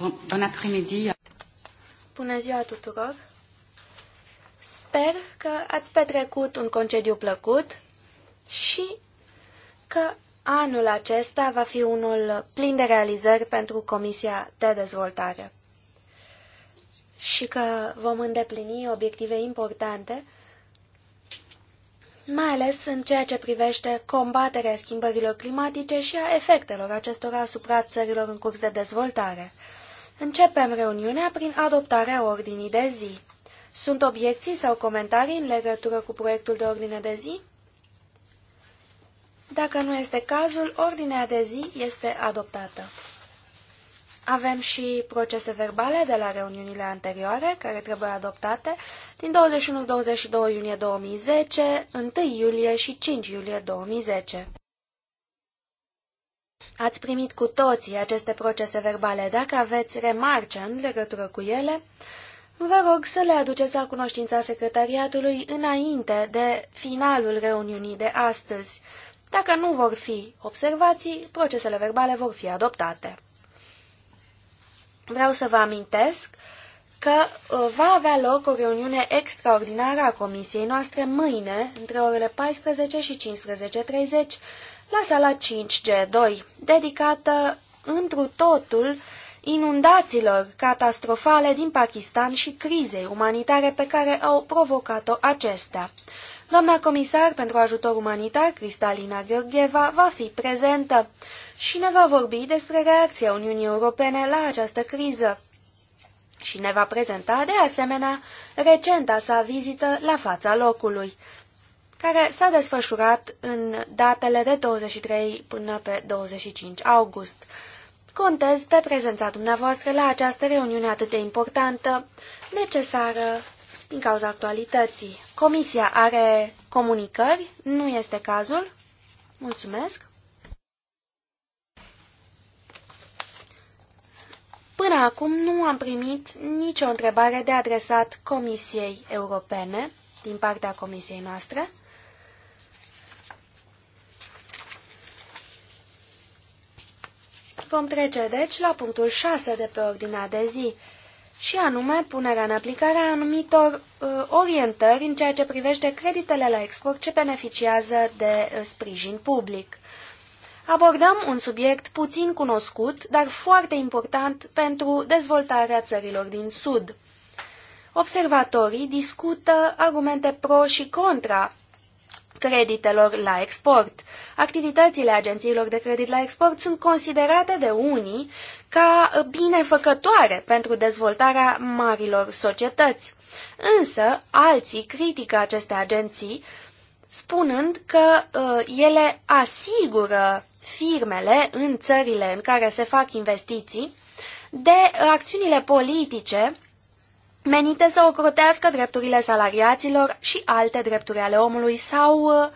Bon après-midi. Bună ziua tuturor. Sper că ați petrecut un concediu plăcut și că anul acesta va fi unul plin de realizări pentru Comisia de Dezvoltare și că vom îndeplini obiective importante, mai ales în ceea ce privește combaterea schimbărilor climatice și a efectelor acestora asupra țărilor în curs de dezvoltare. Începem reuniunea prin adoptarea ordinii de zi. Sunt obiecții sau comentarii în legătură cu proiectul de ordine de zi? Dacă nu este cazul, ordinea de zi este adoptată. Avem și procese verbale de la reuniunile anterioare, care trebuie adoptate, din 21-22 iunie 2010, 1 iulie și 5 iulie 2010. Ați primit cu toții aceste procese verbale. Dacă aveți remarce în legătură cu ele, vă rog să le aduceți la cunoștința secretariatului înainte de finalul reuniunii de astăzi. Dacă nu vor fi observații, procesele verbale vor fi adoptate. Vreau să vă amintesc că uh, va avea loc o reuniune extraordinară a comisiei noastre mâine, între orele 14 și 15.30, la sala 5G2, dedicată întru totul inundațiilor catastrofale din Pakistan și crizei umanitare pe care au provocat-o acestea. Doamna comisar pentru ajutor umanitar, Cristalina Gheorgheva, va fi prezentă și ne va vorbi despre reacția Uniunii Europene la această criză și ne va prezenta, de asemenea, recenta sa vizită la fața locului care s-a desfășurat în datele de 23 până pe 25 august. Contez pe prezența dumneavoastră la această reuniune atât de importantă, necesară din cauza actualității. Comisia are comunicări? Nu este cazul? Mulțumesc! Până acum nu am primit nicio întrebare de adresat Comisiei Europene din partea Comisiei noastre. Vom trece, deci, la punctul 6 de pe ordinea de zi, și anume punerea în aplicare a anumitor uh, orientări în ceea ce privește creditele la export ce beneficiază de uh, sprijin public. Abordăm un subiect puțin cunoscut, dar foarte important pentru dezvoltarea țărilor din Sud. Observatorii discută argumente pro și contra creditelor la export. Activitățile agențiilor de credit la export sunt considerate de unii ca binefăcătoare pentru dezvoltarea marilor societăți. Însă, alții critică aceste agenții spunând că uh, ele asigură firmele în țările în care se fac investiții de acțiunile politice menite să ocrotească drepturile salariaților și alte drepturi ale omului sau uh,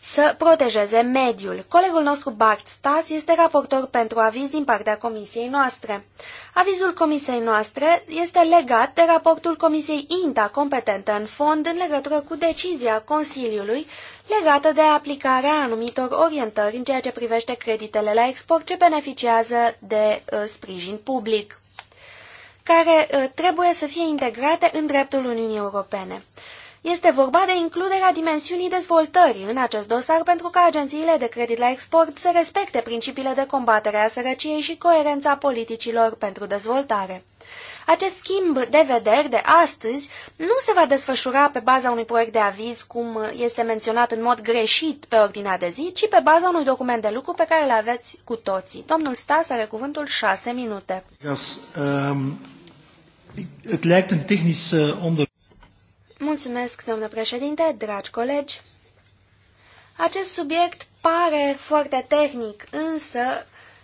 să protejeze mediul. Colegul nostru Bart Stas este raportor pentru aviz din partea comisiei noastre. Avizul comisiei noastre este legat de raportul comisiei INTA competentă în fond în legătură cu decizia Consiliului legată de aplicarea anumitor orientări în ceea ce privește creditele la export ce beneficiază de uh, sprijin public care uh, trebuie să fie integrate în dreptul Uniunii Europene. Este vorba de includerea dimensiunii dezvoltării în acest dosar pentru ca agențiile de credit la export să respecte principiile de combatere a sărăciei și coerența politicilor pentru dezvoltare. Acest schimb de vederi de astăzi nu se va desfășura pe baza unui proiect de aviz, cum este menționat în mod greșit pe ordinea de zi, ci pe baza unui document de lucru pe care îl aveți cu toții. Domnul Stas are cuvântul șase minute. Yes, um... Het lijkt een technisch eh, onderwerp. Mulțumesc, domnule președinte, dragi colegi. Acest subiect pare foarte tehnic, însă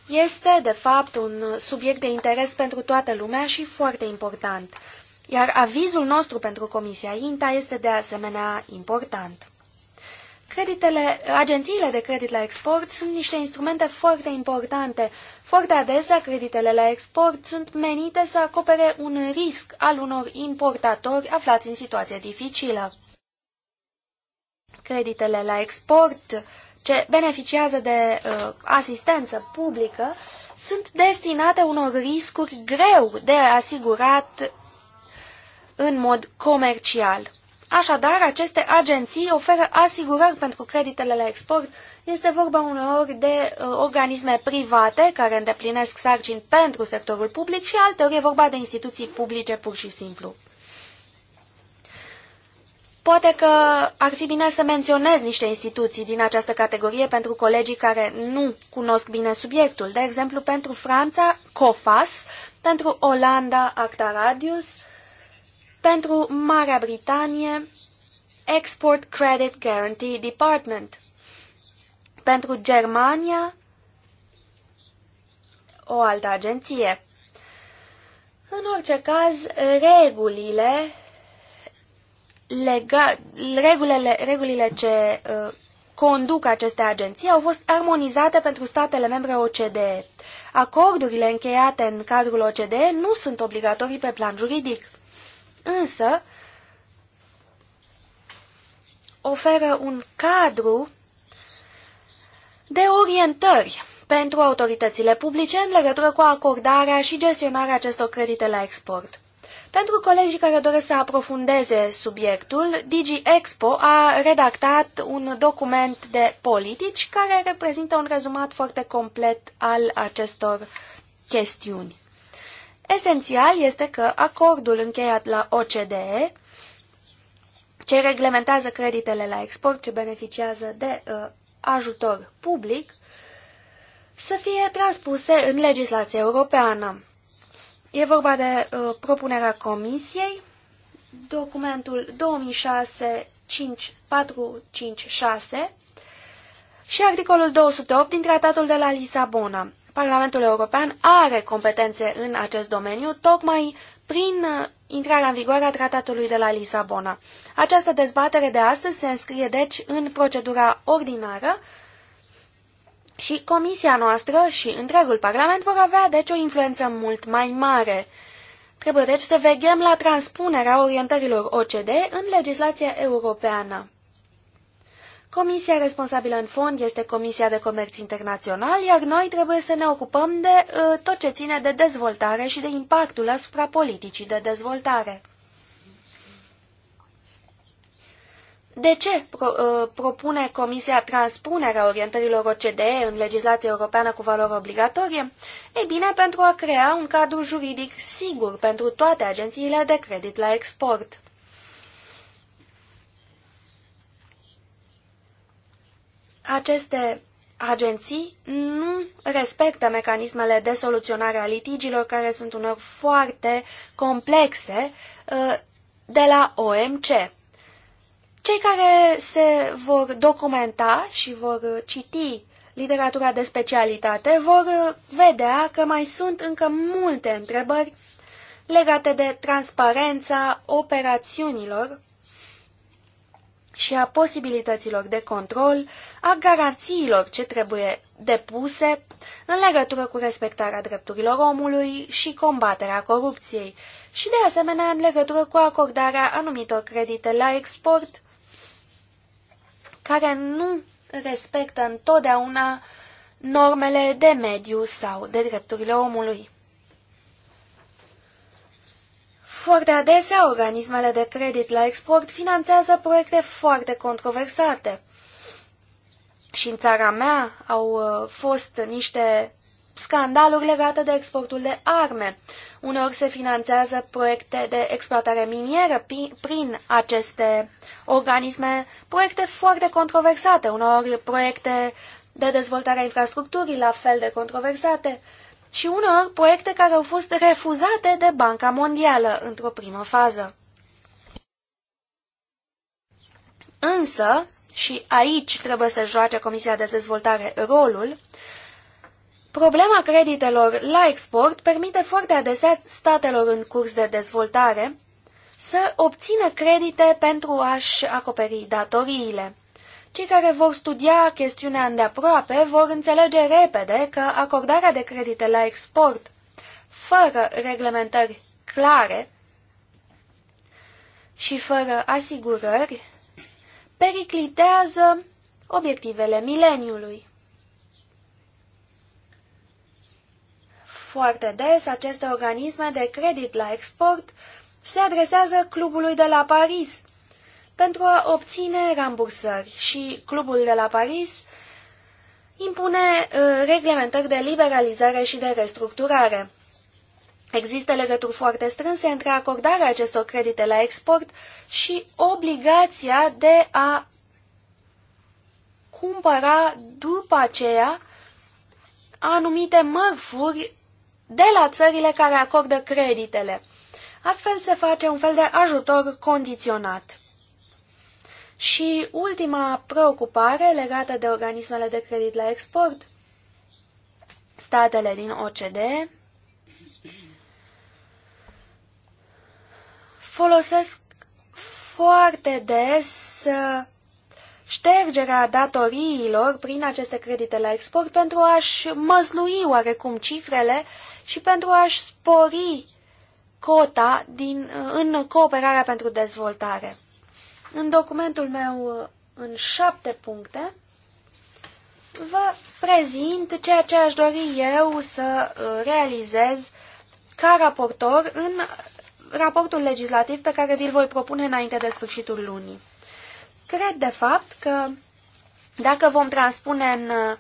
este, de fapt, un subiect de interes pentru toată lumea și foarte important. Iar avizul nostru pentru Comisia INTA este de asemenea important. Creditele, agențiile de credit la export sunt niște instrumente foarte importante. Foarte adesea, creditele la export sunt menite să acopere un risc al unor importatori aflați în situație dificilă. Creditele la export, ce beneficiază de uh, asistență publică, sunt destinate unor riscuri greu de asigurat în mod comercial. Așadar, aceste agenții oferă asigurări pentru creditele la export. Este vorba uneori de uh, organisme private care îndeplinesc sarcini pentru sectorul public și alteori e vorba de instituții publice pur și simplu. Poate că ar fi bine să menționez niște instituții din această categorie pentru colegii care nu cunosc bine subiectul. De exemplu, pentru Franța, COFAS, pentru Olanda, Acta Radius, pentru Marea Britanie Export Credit Guarantee Department, pentru Germania o altă agenție. În orice caz, regulile lega, regulele, regulile ce uh, conduc aceste agenții au fost armonizate pentru statele membre OCDE. Acordurile încheiate în cadrul OCDE nu sunt obligatorii pe plan juridic însă oferă un cadru de orientări pentru autoritățile publice în legătură cu acordarea și gestionarea acestor credite la export. Pentru colegii care doresc să aprofundeze subiectul, Digi Expo a redactat un document de politici care reprezintă un rezumat foarte complet al acestor chestiuni. Esențial este că acordul încheiat la OCDE, ce reglementează creditele la export ce beneficiază de uh, ajutor public, să fie transpuse în legislația europeană. E vorba de uh, propunerea Comisiei, documentul 2006-5456 și articolul 208 din Tratatul de la Lisabona. Parlamentul European are competențe în acest domeniu, tocmai prin uh, intrarea în vigoare a tratatului de la Lisabona. Această dezbatere de astăzi se înscrie, deci, în procedura ordinară și comisia noastră și întregul Parlament vor avea, deci, o influență mult mai mare. Trebuie, deci, să veghem la transpunerea orientărilor OCD în legislația europeană. Comisia responsabilă în fond este Comisia de Comerț Internațional, iar noi trebuie să ne ocupăm de uh, tot ce ține de dezvoltare și de impactul asupra politicii de dezvoltare. De ce pro, uh, propune Comisia transpunerea orientărilor OCDE în legislația europeană cu valoare obligatorie? Ei bine, pentru a crea un cadru juridic sigur pentru toate agențiile de credit la export. Aceste agenții nu respectă mecanismele de soluționare a litigilor, care sunt uneori foarte complexe, uh, de la OMC. Cei care se vor documenta și vor uh, citi literatura de specialitate vor uh, vedea că mai sunt încă multe întrebări legate de transparența operațiunilor și a posibilităților de control, a garanțiilor ce trebuie depuse în legătură cu respectarea drepturilor omului și combaterea corupției și, de asemenea, în legătură cu acordarea anumitor credite la export care nu respectă întotdeauna normele de mediu sau de drepturile omului. Foarte adesea, organismele de credit la export finanțează proiecte foarte controversate. Și în țara mea au uh, fost niște scandaluri legate de exportul de arme. Uneori se finanțează proiecte de exploatare minieră prin aceste organisme, proiecte foarte controversate, uneori proiecte de dezvoltare a infrastructurii la fel de controversate și uneori proiecte care au fost refuzate de Banca Mondială într-o primă fază. Însă, și aici trebuie să joace Comisia de Dezvoltare rolul, problema creditelor la export permite foarte adesea statelor în curs de dezvoltare să obțină credite pentru a-și acoperi datoriile. Cei care vor studia chestiunea îndeaproape vor înțelege repede că acordarea de credite la export, fără reglementări clare și fără asigurări, periclitează obiectivele mileniului. Foarte des, aceste organisme de credit la export se adresează clubului de la Paris, pentru a obține rambursări și clubul de la Paris impune uh, reglementări de liberalizare și de restructurare. Există legături foarte strânse între acordarea acestor credite la export și obligația de a cumpăra după aceea anumite mărfuri de la țările care acordă creditele. Astfel se face un fel de ajutor condiționat. Și ultima preocupare legată de organismele de credit la export. Statele din OCD folosesc foarte des uh, ștergerea datoriilor prin aceste credite la export pentru a-și măslui oarecum cifrele și pentru a-și spori cota din, uh, în cooperarea pentru dezvoltare. În documentul meu, în șapte puncte, vă prezint ceea ce aș dori eu să uh, realizez ca raportor în raportul legislativ pe care vi-l voi propune înainte de sfârșitul lunii. Cred, de fapt, că dacă vom transpune în uh,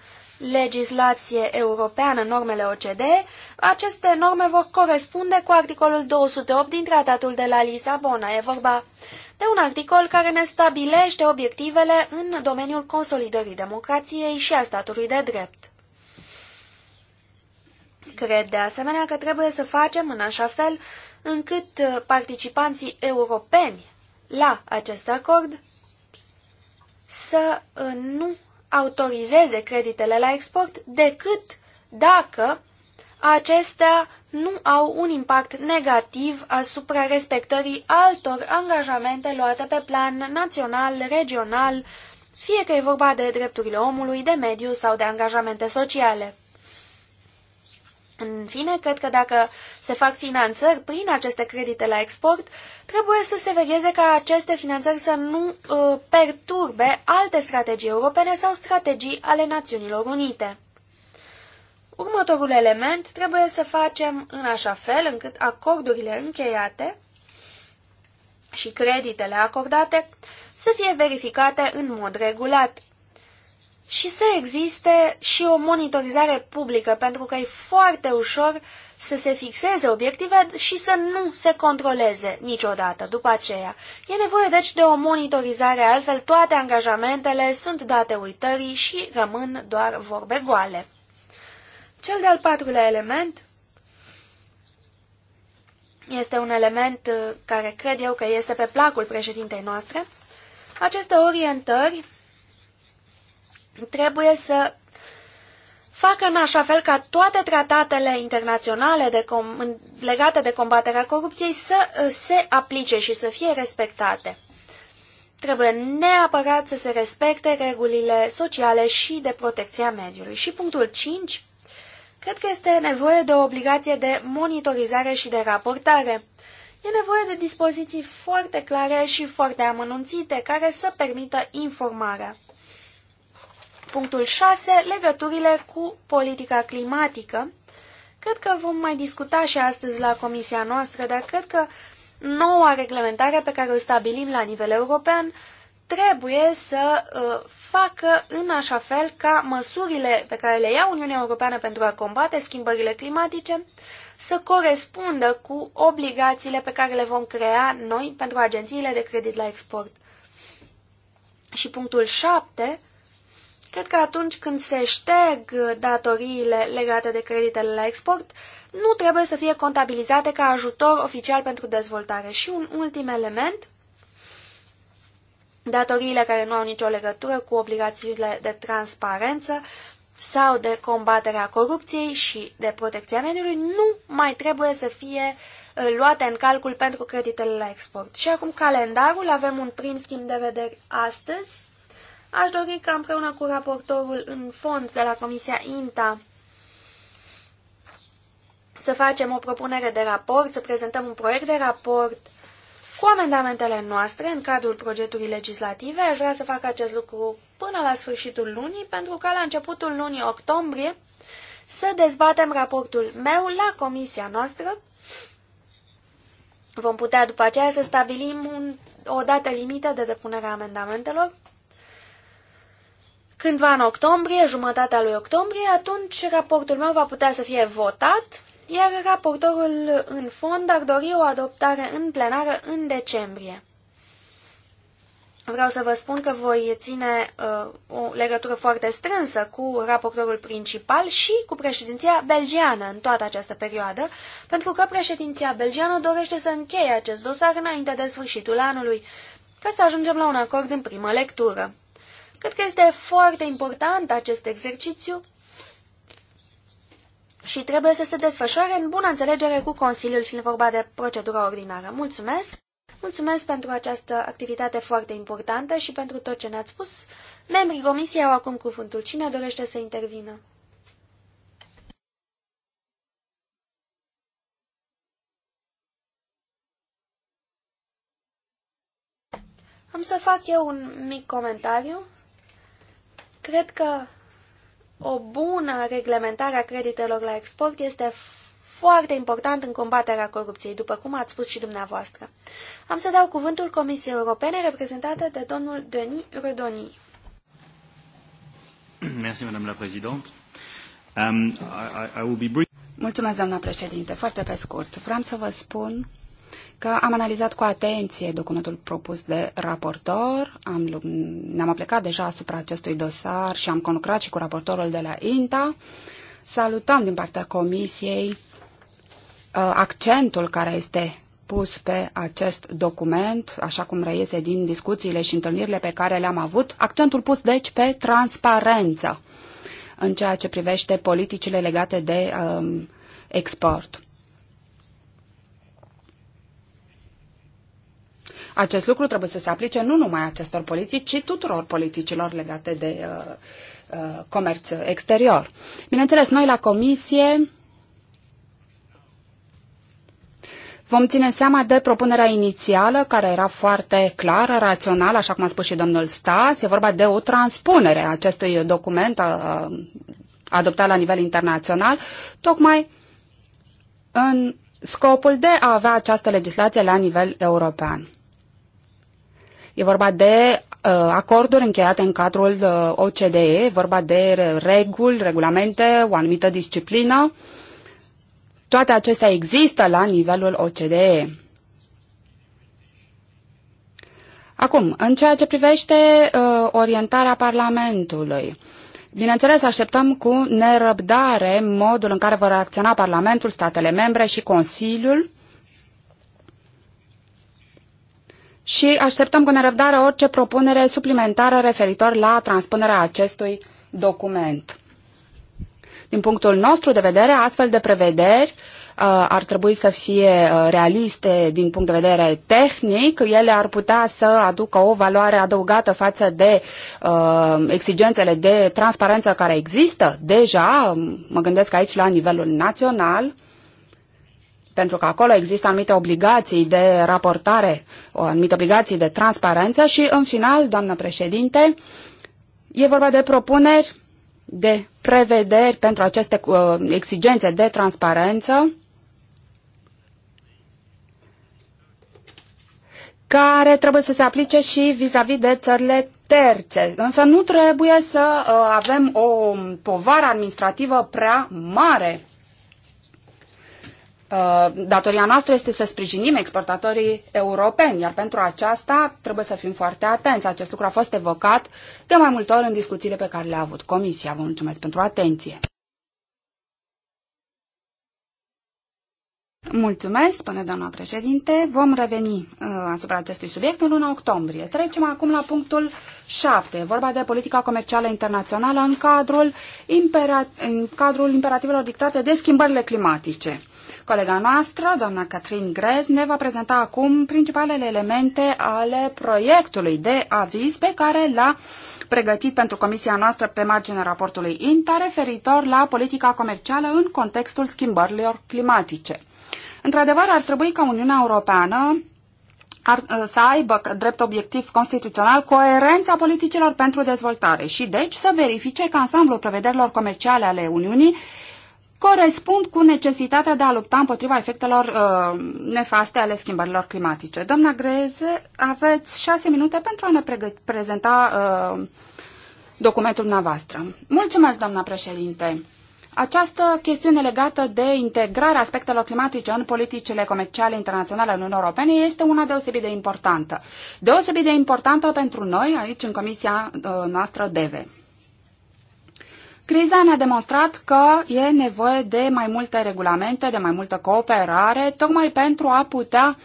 legislație europeană normele OCDE, aceste norme vor corespunde cu articolul 208 din Tratatul de la Lisabona. E vorba de un articol care ne stabilește obiectivele în domeniul consolidării democrației și a statului de drept. Cred de asemenea că trebuie să facem în așa fel încât uh, participanții europeni la acest acord să uh, nu autorizeze creditele la export decât dacă acestea nu au un impact negativ asupra respectării altor angajamente luate pe plan național, regional, fie că e vorba de drepturile omului, de mediu sau de angajamente sociale. În fine, cred că dacă se fac finanțări prin aceste credite la export, trebuie să se vegheze ca aceste finanțări să nu uh, perturbe alte strategii europene sau strategii ale Națiunilor Unite. Următorul element trebuie să facem în așa fel încât acordurile încheiate și creditele acordate să fie verificate în mod regulat și să existe și o monitorizare publică, pentru că e foarte ușor să se fixeze obiective și să nu se controleze niciodată după aceea. E nevoie deci de o monitorizare, altfel toate angajamentele sunt date uitării și rămân doar vorbe goale. Cel de-al patrulea element este un element uh, care cred eu că este pe placul președintei noastre. Aceste orientări trebuie să facă în așa fel ca toate tratatele internaționale de legate de combaterea corupției să uh, se aplice și să fie respectate. Trebuie neapărat să se respecte regulile sociale și de protecția mediului. Și punctul 5 Cred că este nevoie de o obligație de monitorizare și de raportare. E nevoie de dispoziții foarte clare și foarte amănunțite care să permită informarea. Punctul 6. Legăturile cu politica climatică. Cred că vom mai discuta și astăzi la comisia noastră, dar cred că noua reglementare pe care o stabilim la nivel european trebuie să uh, facă în așa fel ca măsurile pe care le ia Uniunea Europeană pentru a combate schimbările climatice să corespundă cu obligațiile pe care le vom crea noi pentru agențiile de credit la export. Și punctul 7, cred că atunci când se șterg datoriile legate de creditele la export, nu trebuie să fie contabilizate ca ajutor oficial pentru dezvoltare. Și un ultim element, datoriile care nu au nicio legătură cu obligațiile de transparență sau de combaterea corupției și de protecția mediului nu mai trebuie să fie uh, luate în calcul pentru creditele la export. Și acum calendarul, avem un prim schimb de vederi astăzi. Aș dori ca împreună cu raportorul în fond de la Comisia INTA să facem o propunere de raport, să prezentăm un proiect de raport uh, cu amendamentele noastre, în cadrul proiectului legislative, aș vrea să fac acest lucru până la sfârșitul lunii, pentru ca la începutul lunii octombrie să dezbatem raportul meu la comisia noastră. Vom putea după aceea să stabilim un, o dată limită de depunere a amendamentelor. Cândva în octombrie, jumătatea lui octombrie, atunci raportul meu va putea să fie votat iar raportorul în fond ar dori o adoptare în plenară în decembrie. Vreau să vă spun că voi ține uh, o legătură foarte strânsă cu raportorul principal și cu președinția belgiană în toată această perioadă, pentru că președinția belgiană dorește să încheie acest dosar înainte de sfârșitul anului, ca să ajungem la un acord în primă lectură. Cred că este foarte important acest exercițiu și trebuie să se desfășoare în bună înțelegere cu Consiliul, fiind vorba de procedura ordinară. Mulțumesc! Mulțumesc pentru această activitate foarte importantă și pentru tot ce ne-ați spus. Membrii comisiei au acum cuvântul. Cine dorește să intervină? Am să fac eu un mic comentariu. Cred că o bună reglementare a creditelor la export este foarte important în combaterea corupției, după cum ați spus și dumneavoastră. Am să dau cuvântul Comisiei Europene, reprezentată de domnul Denis Rodoni. Um, Mulțumesc, doamna președinte. Foarte pe scurt. Vreau să vă spun că am analizat cu atenție documentul propus de raportor, am, ne-am aplicat deja asupra acestui dosar și am conlucrat și cu raportorul de la INTA. Salutăm din partea Comisiei uh, accentul care este pus pe acest document, așa cum reiese din discuțiile și întâlnirile pe care le-am avut, accentul pus deci pe transparență în ceea ce privește politicile legate de um, export. Acest lucru trebuie să se aplice nu numai acestor politici, ci tuturor politicilor legate de uh, uh, comerț exterior. Bineînțeles, noi la Comisie Vom ține seama de propunerea inițială, care era foarte clară, rațională, așa cum a spus și domnul Stas. E vorba de o transpunere a acestui document uh, adoptat la nivel internațional, tocmai în scopul de a avea această legislație la nivel european. E vorba de uh, acorduri încheiate în cadrul uh, OCDE, e vorba de reguli, regulamente, o anumită disciplină. Toate acestea există la nivelul OCDE. Acum, în ceea ce privește uh, orientarea Parlamentului, bineînțeles, așteptăm cu nerăbdare modul în care vor acționa Parlamentul, statele membre și Consiliul uh, și așteptăm cu nerăbdare orice propunere suplimentară referitor la transpunerea acestui document. Din punctul nostru de vedere, astfel de prevederi uh, ar trebui să fie uh, realiste din punct de vedere tehnic. Ele ar putea să aducă o valoare adăugată față de uh, exigențele de transparență care există deja, mă gândesc aici la nivelul național, uh, pentru că acolo există anumite obligații de raportare, o anumite obligații de transparență și, în final, doamnă președinte, e vorba de propuneri de prevederi pentru aceste uh, exigențe de transparență care trebuie să se aplice și vis-a-vis -vis de țările terțe. Însă nu trebuie să uh, avem o povară administrativă prea mare Uh, datoria noastră este să sprijinim exportatorii europeni, iar pentru aceasta trebuie să fim foarte atenți. Acest lucru a fost evocat de mai multe ori în discuțiile pe care le-a avut Comisia. Vă mulțumesc pentru atenție. Mulțumesc, spune doamna președinte. Vom reveni uh, asupra acestui subiect în luna octombrie. Trecem acum la punctul 7. Vorba de politica comercială internațională în cadrul, impera- în cadrul imperativelor dictate de schimbările climatice. Colega noastră, doamna Catherine Grez, ne va prezenta acum principalele elemente ale proiectului de aviz pe care l-a pregătit pentru comisia noastră pe marginea raportului INTA referitor la politica comercială în contextul schimbărilor climatice. Într-adevăr, ar trebui ca Uniunea Europeană ar, uh, să aibă drept obiectiv constituțional coerența politicilor pentru dezvoltare și deci să verifice că ansamblul prevederilor comerciale ale Uniunii corespund cu necesitatea de a lupta împotriva efectelor uh, nefaste ale schimbărilor climatice. Doamna Greze, aveți șase minute pentru a ne prezenta uh, documentul dumneavoastră. Mulțumesc, doamna președinte! Această chestiune legată de integrarea aspectelor climatice în politicile comerciale internaționale în Uniunea Europene este una deosebit de importantă. Deosebit de importantă pentru noi aici în Comisia uh, noastră DEVE. Criza ne-a demonstrat că e nevoie de mai multe regulamente, de mai multă cooperare, tocmai pentru a putea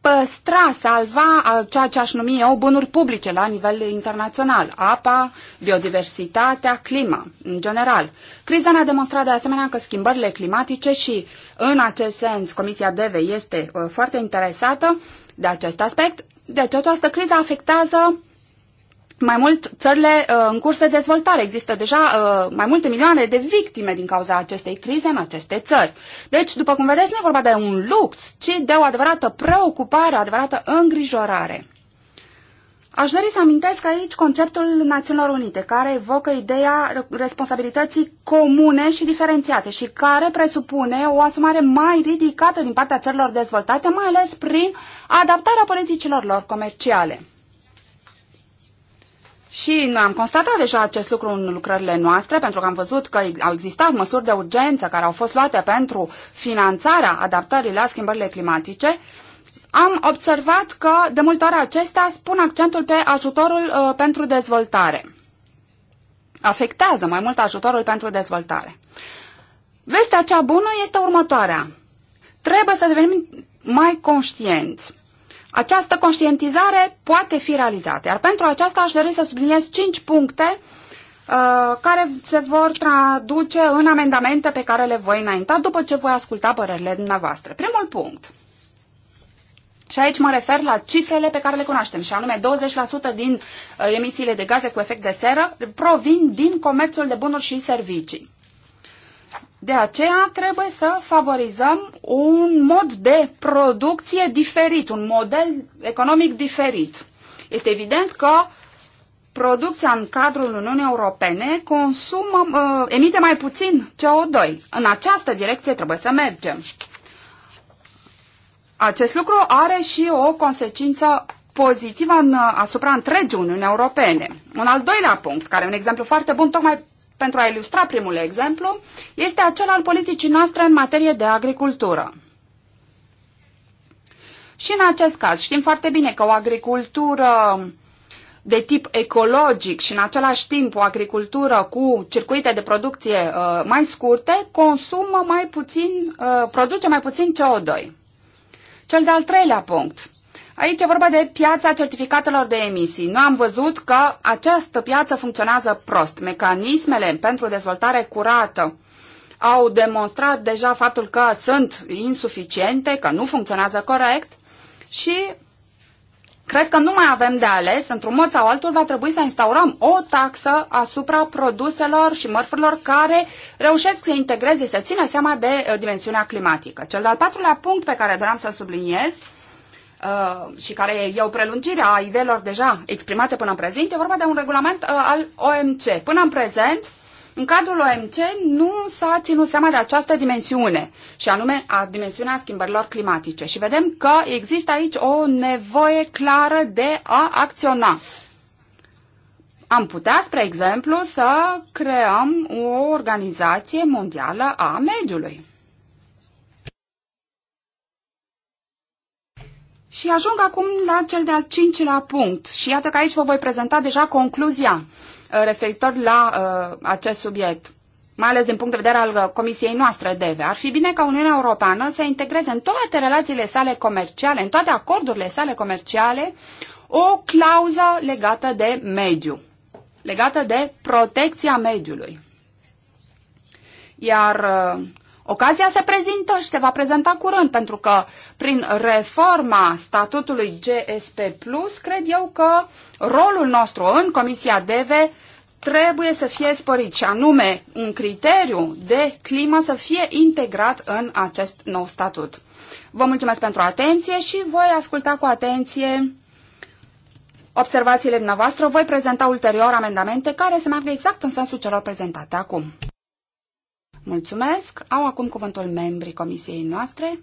păstra, salva ceea ce aș numi eu bunuri publice la nivel internațional, apa, biodiversitatea, clima, în general. Criza ne-a demonstrat de asemenea că schimbările climatice și, în acest sens, Comisia DEVE este uh, foarte interesată de acest aspect, deci această criză afectează mai mult țările uh, în curs de dezvoltare. Există deja uh, mai multe milioane de victime din cauza acestei crize în aceste țări. Deci, după cum vedeți, nu e vorba de un lux, ci de o adevărată preocupare, o adevărată îngrijorare. Aș dori să amintesc aici conceptul Națiunilor Unite, care evocă ideea responsabilității comune și diferențiate și care presupune o asumare mai ridicată din partea țărilor dezvoltate, mai ales prin adaptarea politicilor lor comerciale. Și am constatat deja acest lucru în lucrările noastre, pentru că am văzut că au existat măsuri de urgență care au fost luate pentru finanțarea adaptării la schimbările climatice. Am observat că, de multe ori, acestea spun accentul pe ajutorul uh, pentru dezvoltare. Afectează mai mult ajutorul pentru dezvoltare. Vestea cea bună este următoarea. Trebuie să devenim mai conștienți această conștientizare poate fi realizată, iar pentru aceasta aș dori să subliniez 5 puncte uh, care se vor traduce în amendamente pe care le voi înainta după ce voi asculta părerile dumneavoastră. Primul punct. Și aici mă refer la cifrele pe care le cunoaștem, și anume 20% din uh, emisiile de gaze cu efect de seră provin din comerțul de bunuri și servicii. De aceea trebuie să favorizăm un mod de producție diferit, un model economic diferit. Este evident că producția în cadrul Uniunii Europene consumă, emite mai puțin CO2. În această direcție trebuie să mergem. Acest lucru are și o consecință pozitivă în, asupra întregii Uniunii Europene. Un al doilea punct, care e un exemplu foarte bun tocmai pentru a ilustra primul exemplu, este acela al politicii noastre în materie de agricultură. Și în acest caz știm foarte bine că o agricultură de tip ecologic și în același timp o agricultură cu circuite de producție uh, mai scurte consumă mai puțin, uh, produce mai puțin CO2. Cel de-al treilea punct. Aici e vorba de piața certificatelor de emisii. Nu am văzut că această piață funcționează prost. Mecanismele pentru dezvoltare curată au demonstrat deja faptul că sunt insuficiente, că nu funcționează corect și cred că nu mai avem de ales, într-un mod sau altul va trebui să instaurăm o taxă asupra produselor și mărfurilor care reușesc să integreze, să țină seama de uh, dimensiunea climatică. Cel de-al patrulea punct pe care doream să subliniez Uh, și care e o prelungire a ideilor deja exprimate până în prezent, e vorba de un regulament uh, al OMC. Până în prezent, în cadrul OMC nu s-a ținut seama de această dimensiune, și anume a dimensiunea schimbărilor climatice. Și vedem că există aici o nevoie clară de a acționa. Am putea, spre exemplu, să creăm o organizație mondială a mediului. Și ajung acum la cel de-al cincilea punct. Și iată că aici vă voi prezenta deja concluzia uh, referitor la uh, acest subiect mai ales din punct de vedere al uh, Comisiei noastre DEVE. Ar fi bine ca Uniunea Europeană să integreze în toate relațiile sale comerciale, în toate acordurile sale comerciale, o clauză legată de mediu, legată de protecția mediului. Iar uh, Ocazia se prezintă și se va prezenta curând, pentru că prin reforma statutului GSP+, cred eu că rolul nostru în Comisia DEVE trebuie să fie sporit și anume un criteriu de climă să fie integrat în acest nou statut. Vă mulțumesc pentru atenție și voi asculta cu atenție observațiile dumneavoastră. Voi prezenta ulterior amendamente care se meargă exact în sensul celor prezentate acum. Mulțumesc. Au acum cuvântul membrii comisiei noastre.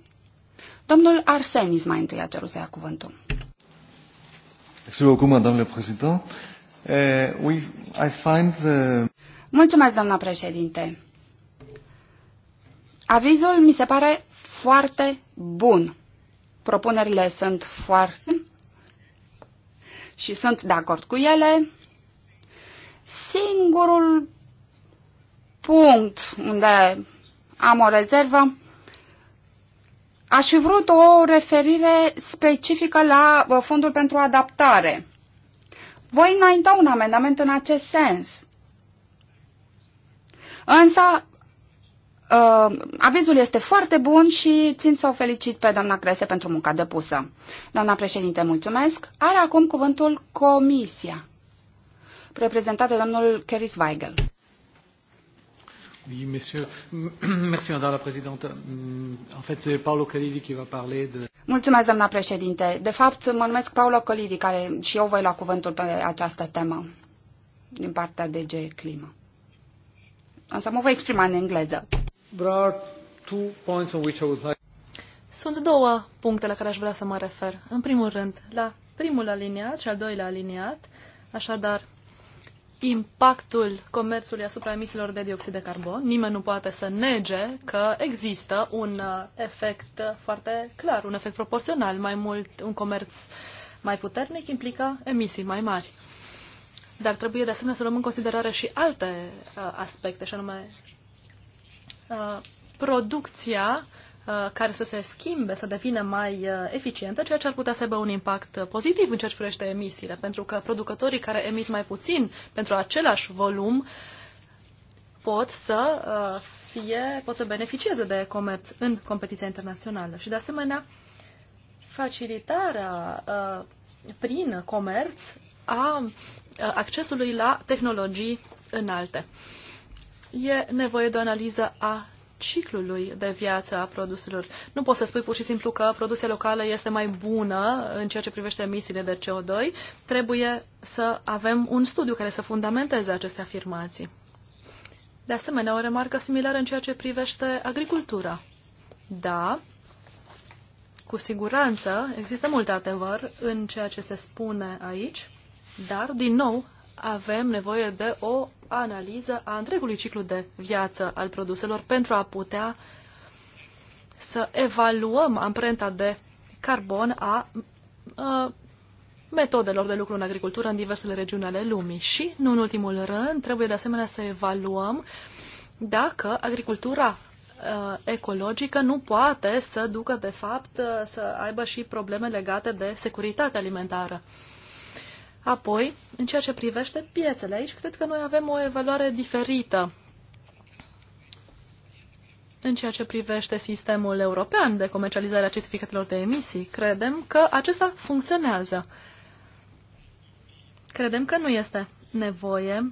Domnul Arsenis mai întâi a cerut să ia cuvântul. Eh, Mulțumesc, doamna președinte. Avizul mi se pare foarte bun. Propunerile sunt foarte și sunt de acord cu ele. Singurul punct unde am o rezervă, aș fi vrut o referire specifică la uh, Fondul pentru Adaptare. Voi înainta un amendament în acest sens. Însă, uh, avizul este foarte bun și țin să o felicit pe doamna Crese pentru munca depusă. Doamna președinte, mulțumesc. Are acum cuvântul Comisia, reprezentată de domnul Keris Weigel. Oui, monsieur. Merci, mm, Paolo va de... Mulțumesc, doamna președinte. De fapt, mă numesc Paolo Colidi, care și eu voi lua cuvântul pe această temă din partea DG Clima. Însă mă voi exprima în engleză. Sunt două puncte la care aș vrea să mă refer. În primul rând, la primul aliniat și al doilea aliniat, așadar impactul comerțului asupra emisiilor de dioxid de carbon. Nimeni nu poate să nege că există un uh, efect foarte clar, un efect proporțional. Mai mult, un comerț mai puternic implică emisii mai mari. Dar trebuie de asemenea să luăm în considerare și alte uh, aspecte, și anume uh, producția Uh, care să se schimbe, să devină mai uh, eficientă, ceea ce ar putea să aibă un impact uh, pozitiv în ceea ce privește emisiile, pentru că producătorii care emit mai puțin pentru același volum pot să fie, pot să beneficieze de comerț în competiția internațională. Și de asemenea, facilitarea prin comerț a accesului la tehnologii înalte. E nevoie de o analiză a ciclului de viață a produselor. Nu poți să spui pur și simplu că producția locală este mai bună în ceea ce privește emisiile de CO2. Trebuie să avem un studiu care să fundamenteze aceste afirmații. De asemenea, o remarcă similară în ceea ce privește agricultura. Da, cu siguranță există mult adevăr în ceea ce se spune aici, dar, din nou, avem nevoie de o analiză a întregului ciclu de viață al produselor pentru a putea să evaluăm amprenta de carbon a, a metodelor de lucru în agricultură în diversele regiuni ale lumii. Și, nu în ultimul rând, trebuie de asemenea să evaluăm dacă agricultura ecologică nu poate să ducă, de fapt, să aibă și probleme legate de securitate alimentară. Apoi, în ceea ce privește piețele aici, cred că noi avem o evaluare diferită în ceea ce privește sistemul european de comercializare a certificatelor de emisii. Credem că acesta funcționează. Credem că nu este nevoie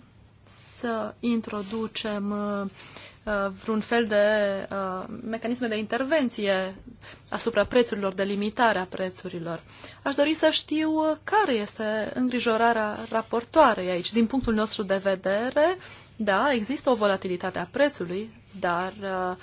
să introducem uh, Uh, vreun fel de uh, mecanisme de intervenție asupra prețurilor, de limitare a prețurilor. Aș dori să știu care este îngrijorarea raportoarei aici. Din punctul nostru de vedere, da, există o volatilitate a prețului, dar uh,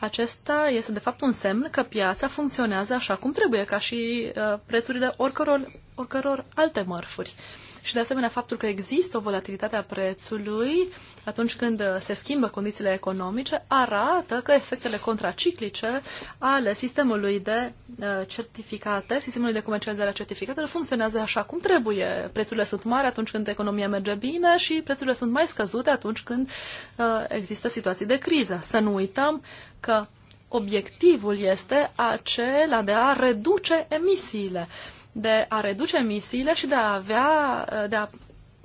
acesta este de fapt un semn că piața funcționează așa cum trebuie, ca și uh, prețurile oricăror, oricăror alte mărfuri. Uh, și de asemenea faptul că există o volatilitate a prețului atunci când uh, se schimbă condițiile economice arată că efectele contraciclice ale sistemului de uh, certificate, sistemului de comercializare a certificatelor funcționează așa cum trebuie. Prețurile sunt mari atunci când economia merge bine și prețurile sunt mai scăzute atunci când uh, există situații de criză. Să nu uităm că obiectivul este acela de a reduce emisiile. Uh, de a reduce emisiile și de a avea, de a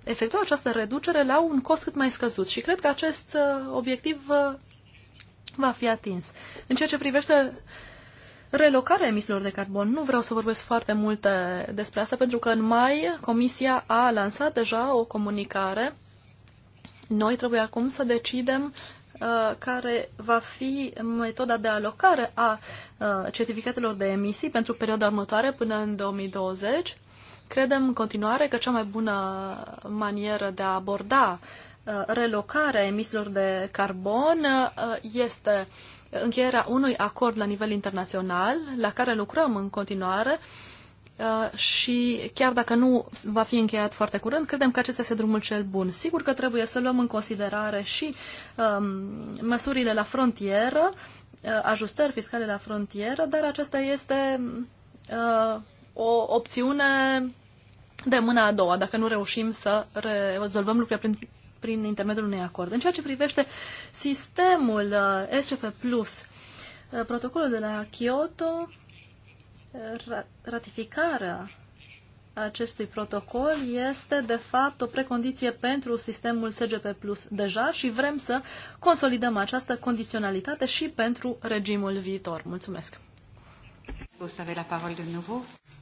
efectua această reducere la un cost cât mai scăzut. Și cred că acest uh, obiectiv uh, va fi atins. În ceea ce privește relocarea emisiilor de carbon, nu vreau să vorbesc foarte multe despre asta, pentru că în mai Comisia a lansat deja o comunicare. Noi trebuie acum să decidem Uh, care va fi metoda de alocare a uh, certificatelor de emisii pentru perioada următoare până în 2020. Credem în continuare că cea mai bună manieră de a aborda uh, relocarea emisiilor de carbon este încheierea unui acord la nivel internațional, la care lucrăm în continuare, uh, Uh, și chiar dacă nu va fi încheiat foarte curând, credem că acesta este drumul cel bun. Sigur că trebuie să luăm în considerare și um, măsurile la frontieră, uh, ajustări fiscale la frontieră, dar aceasta este uh, o opțiune de mâna a doua, dacă nu reușim să rezolvăm lucrurile prin, prin intermediul unui acord. În ceea ce privește sistemul uh, SCP+, uh, protocolul de la Kyoto ratificarea acestui protocol este, de fapt, o precondiție pentru sistemul SGP Plus deja și vrem să consolidăm această condiționalitate și pentru regimul viitor. Mulțumesc!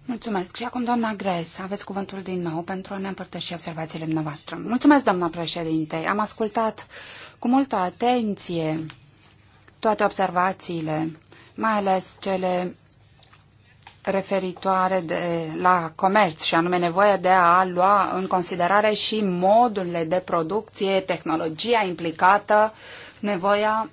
Mulțumesc. Și acum, doamna Gres, aveți cuvântul din nou pentru a ne împărtăși observațiile noastre. Mulțumesc, doamna președinte. Am ascultat cu multă atenție toate observațiile, mai ales cele referitoare de, la comerț și anume nevoia de a lua în considerare și modurile de producție, tehnologia implicată, nevoia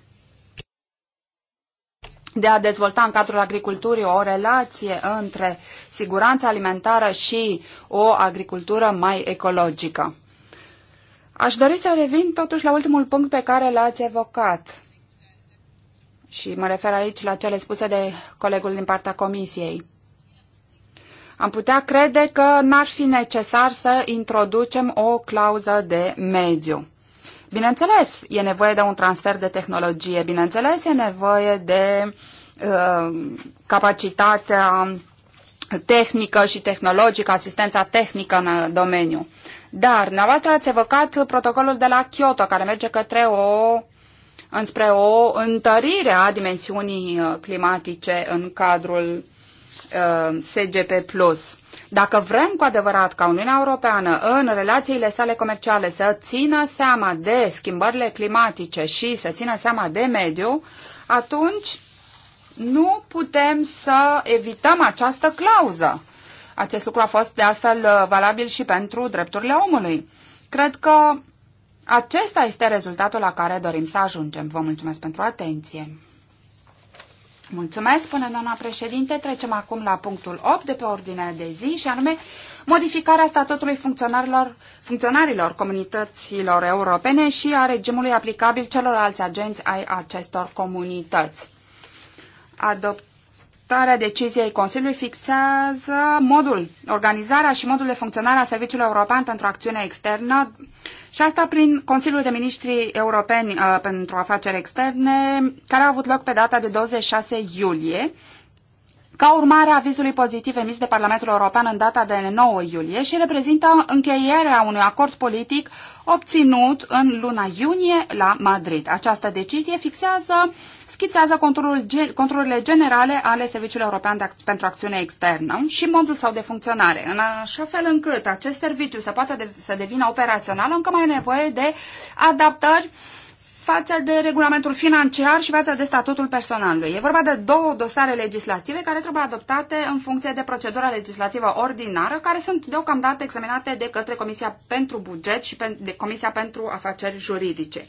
de a dezvolta în cadrul agriculturii o relație între siguranța alimentară și o agricultură mai ecologică. Aș dori să revin totuși la ultimul punct pe care l-ați evocat. Și mă refer aici la cele spuse de colegul din partea comisiei am putea crede că n-ar fi necesar să introducem o clauză de mediu. Bineînțeles, e nevoie de un transfer de tehnologie, bineînțeles, e nevoie de uh, capacitatea tehnică și tehnologică, asistența tehnică în domeniu. Dar, dumneavoastră ați evocat protocolul de la Kyoto, care merge către o, înspre o întărire a dimensiunii climatice în cadrul uh, SGP+. Dacă vrem cu adevărat ca Uniunea Europeană în relațiile sale comerciale să țină seama de schimbările climatice și să țină seama de mediu, atunci nu putem să evităm această clauză. Acest lucru a fost de altfel uh, valabil și pentru drepturile omului. Cred că acesta este rezultatul la care dorim să ajungem. Vă mulțumesc pentru atenție. Mulțumesc, spune doamna președinte. Trecem acum la punctul 8 de pe ordinea de zi și anume modificarea statutului funcționarilor, funcționarilor comunităților europene și a regimului aplicabil celorlalți agenți ai acestor comunități. Adopt, Adoptarea deciziei Consiliului fixează modul, organizarea și modul de funcționare a Serviciului European pentru Acțiune Externă și asta prin Consiliul de Ministri Europeni uh, pentru Afaceri Externe, care a avut loc pe data de 26 iulie ca urmare a avizului pozitiv emis de Parlamentul European în data de 9 iulie și reprezintă încheierea unui acord politic obținut în luna iunie la Madrid. Această decizie fixează, schițează conturul, contururile generale ale Serviciului European de, pentru Acțiune Externă și modul său de funcționare, în așa fel încât acest serviciu să poată de, să devină operațional, încă mai e nevoie de adaptări uh, față de regulamentul financiar și față de statutul personalului. E vorba de două dosare legislative care trebuie adoptate în funcție de procedura legislativă ordinară, care sunt deocamdată examinate de către Comisia pentru Buget și de Comisia pentru Afaceri Juridice.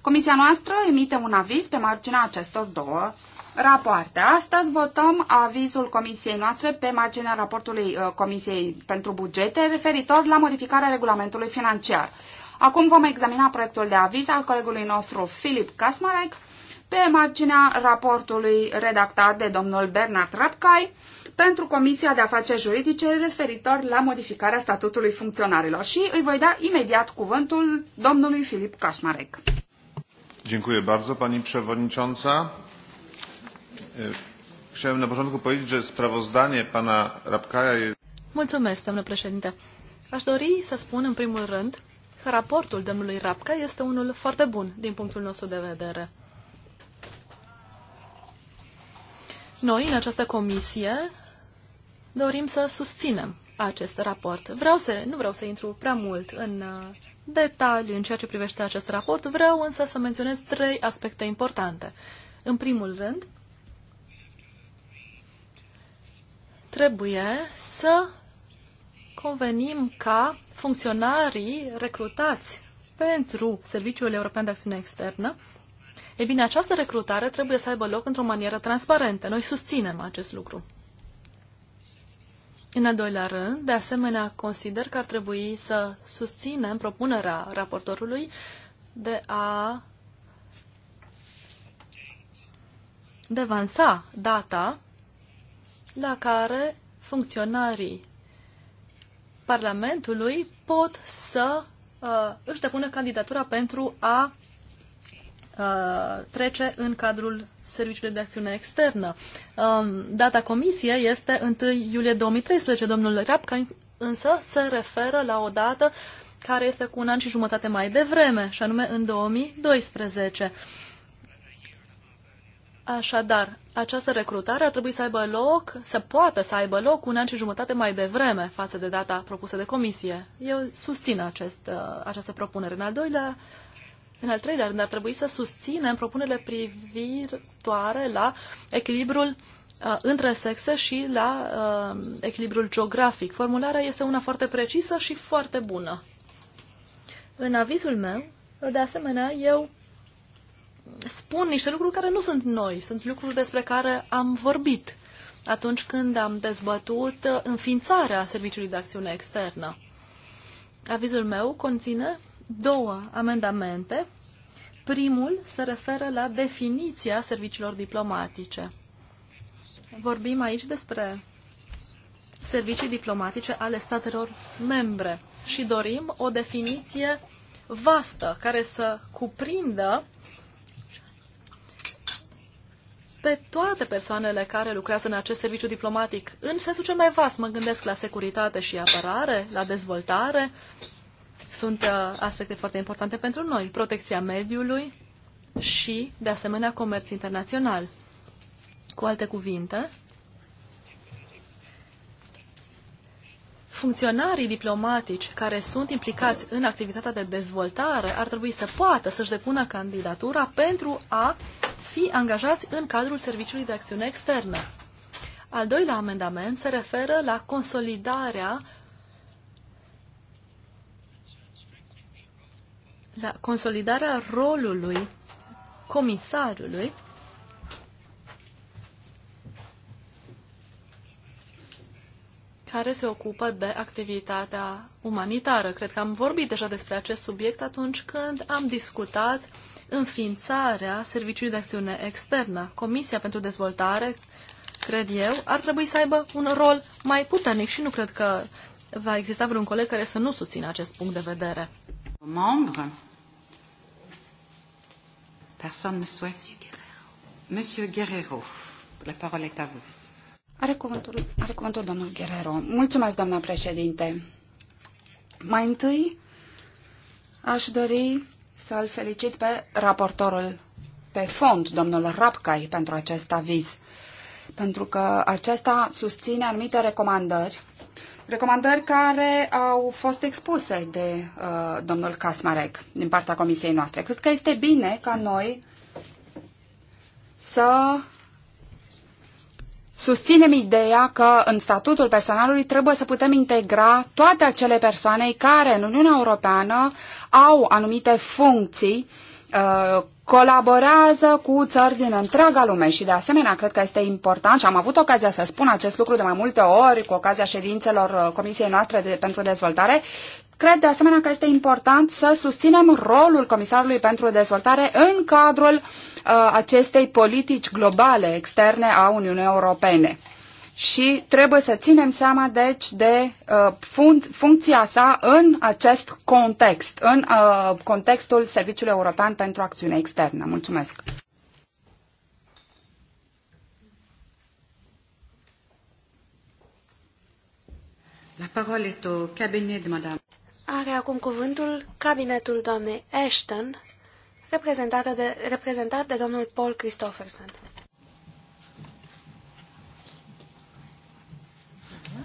Comisia noastră emite un aviz pe marginea acestor două rapoarte. Astăzi votăm avizul comisiei noastre pe marginea raportului uh, Comisiei pentru Bugete referitor la modificarea regulamentului financiar. Acum vom examina proiectul de aviz al colegului nostru Filip Kasmarek pe marginea raportului redactat de domnul Bernard Rapcai pentru Comisia de Afaceri Juridice referitor la modificarea statutului funcționarilor și îi voi da imediat cuvântul domnului Filip Kaczmarek. Dziękuję bardzo pani przewodnicząca. Chciałem na początku powiedzieć, że sprawozdanie pana Rapkaja jest... Mulțumesc, domnule președinte. Aș dori să spun în primul rând raportul domnului Rapca este unul foarte bun din punctul nostru de vedere. Noi, în această comisie, dorim să susținem acest raport. Vreau să, nu vreau să intru prea mult în uh, detaliu în ceea ce privește acest raport, vreau însă să menționez trei aspecte importante. În primul rând, trebuie să convenim ca funcționarii recrutați pentru Serviciul European de Acțiune Externă, e bine, această recrutare trebuie să aibă loc într-o manieră transparentă. Noi susținem acest lucru. În al doilea rând, de asemenea, consider că ar trebui să susținem propunerea raportorului de a devansa data la care funcționarii Parlamentului pot să uh, își depună candidatura pentru a uh, trece în cadrul Serviciului de Acțiune Externă. Um, data comisie este 1 iulie 2013. Domnul Rapca însă se referă la o dată care este cu un an și jumătate mai devreme, și anume în 2012. Așadar, această recrutare ar trebui să aibă loc, să poată să aibă loc un an și jumătate mai devreme față de data propusă de comisie. Eu susțin acest, uh, această propunere. În al doilea, în al treilea rând, ar trebui să susținem propunerile privitoare la echilibrul uh, între sexe și la uh, echilibrul geografic. Formularea este una foarte precisă și foarte bună. În avizul meu, de asemenea, eu spun niște lucruri care nu sunt noi, sunt lucruri despre care am vorbit atunci când am dezbătut înființarea Serviciului de Acțiune Externă. Avizul meu conține două amendamente. Primul se referă la definiția serviciilor diplomatice. Vorbim aici despre servicii diplomatice ale statelor membre și dorim o definiție vastă care să cuprindă pe toate persoanele care lucrează în acest serviciu diplomatic, în sensul cel mai vast. Mă gândesc la securitate și apărare, la dezvoltare. Sunt uh, aspecte foarte importante pentru noi. Protecția mediului și, de asemenea, comerț internațional. Cu alte cuvinte, funcționarii diplomatici care sunt implicați în activitatea de dezvoltare ar trebui să poată să-și depună candidatura pentru a fi angajați în cadrul Serviciului de Acțiune Externă. Al doilea amendament se referă la consolidarea la consolidarea rolului comisarului care se ocupă de activitatea umanitară. Cred că am vorbit deja despre acest subiect atunci când am discutat înființarea Serviciului de Acțiune Externă. Comisia pentru Dezvoltare, cred eu, ar trebui să aibă un rol mai puternic și nu cred că va exista vreun coleg care să nu susțină acest punct de vedere. Membre. Personne ne souhaite. Monsieur Guerrero, la parole est à vous. Are cuvântul, are cuvântul domnul Guerrero. Mulțumesc, doamna președinte. Mai întâi, aș dori să-l felicit pe raportorul pe fond, domnul Rapcai, pentru acest aviz, pentru că acesta susține anumite recomandări, recomandări care au fost expuse de uh, domnul Casmarec din partea comisiei noastre. Cred că este bine ca noi să Susținem ideea că în statutul personalului trebuie să putem integra toate acele persoane care în Uniunea Europeană au anumite funcții, uh, colaborează cu țări din întreaga lume și de asemenea cred că este important și am avut ocazia să spun acest lucru de mai multe ori cu ocazia ședințelor uh, Comisiei noastre de, pentru dezvoltare, Cred de asemenea că este important să susținem rolul Comisarului pentru Dezvoltare în cadrul uh, acestei politici globale externe a Uniunii Europene. Și trebuie să ținem seama, deci, de uh, fun- funcția sa în acest context, în uh, contextul Serviciului European pentru Acțiune Externă. Mulțumesc! La parole est au cabinet de Madame are acum cuvântul cabinetul doamnei Ashton, reprezentată de, reprezentat de domnul Paul Christofferson.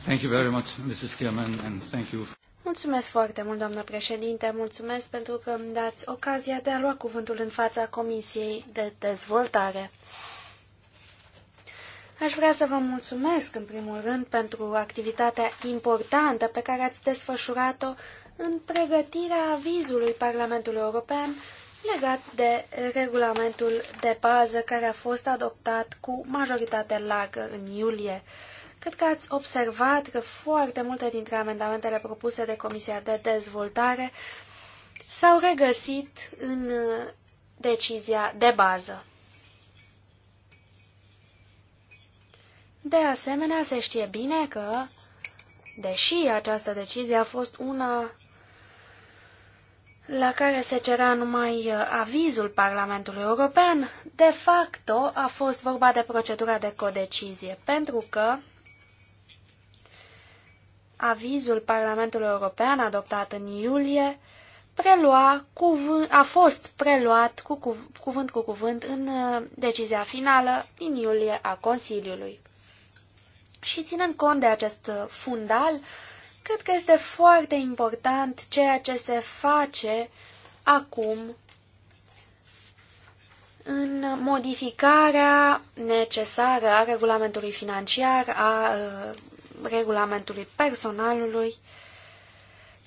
Thank you very much, Mrs. Chairman, and thank you. Mulțumesc foarte mult, doamnă președinte, mulțumesc pentru că îmi dați ocazia de a lua cuvântul în fața Comisiei de Dezvoltare. Aș vrea să vă mulțumesc, în primul rând, pentru activitatea importantă pe care ați desfășurat-o în pregătirea avizului Parlamentului European legat de regulamentul de bază care a fost adoptat cu majoritate largă în iulie. Cred că ați observat că foarte multe dintre amendamentele propuse de Comisia de Dezvoltare s-au regăsit în uh, decizia de bază. De asemenea, se știe bine că, deși această decizie a fost una la care se cerea numai uh, avizul Parlamentului European, de facto a fost vorba de procedura de codecizie, pentru că avizul Parlamentului European adoptat în iulie prelua cuvânt, a fost preluat cu cuvânt cu cuvânt în uh, decizia finală din iulie a Consiliului. Și ținând cont de acest uh, fundal, Cred că este foarte important ceea ce se face acum în modificarea necesară a regulamentului financiar, a uh, regulamentului personalului,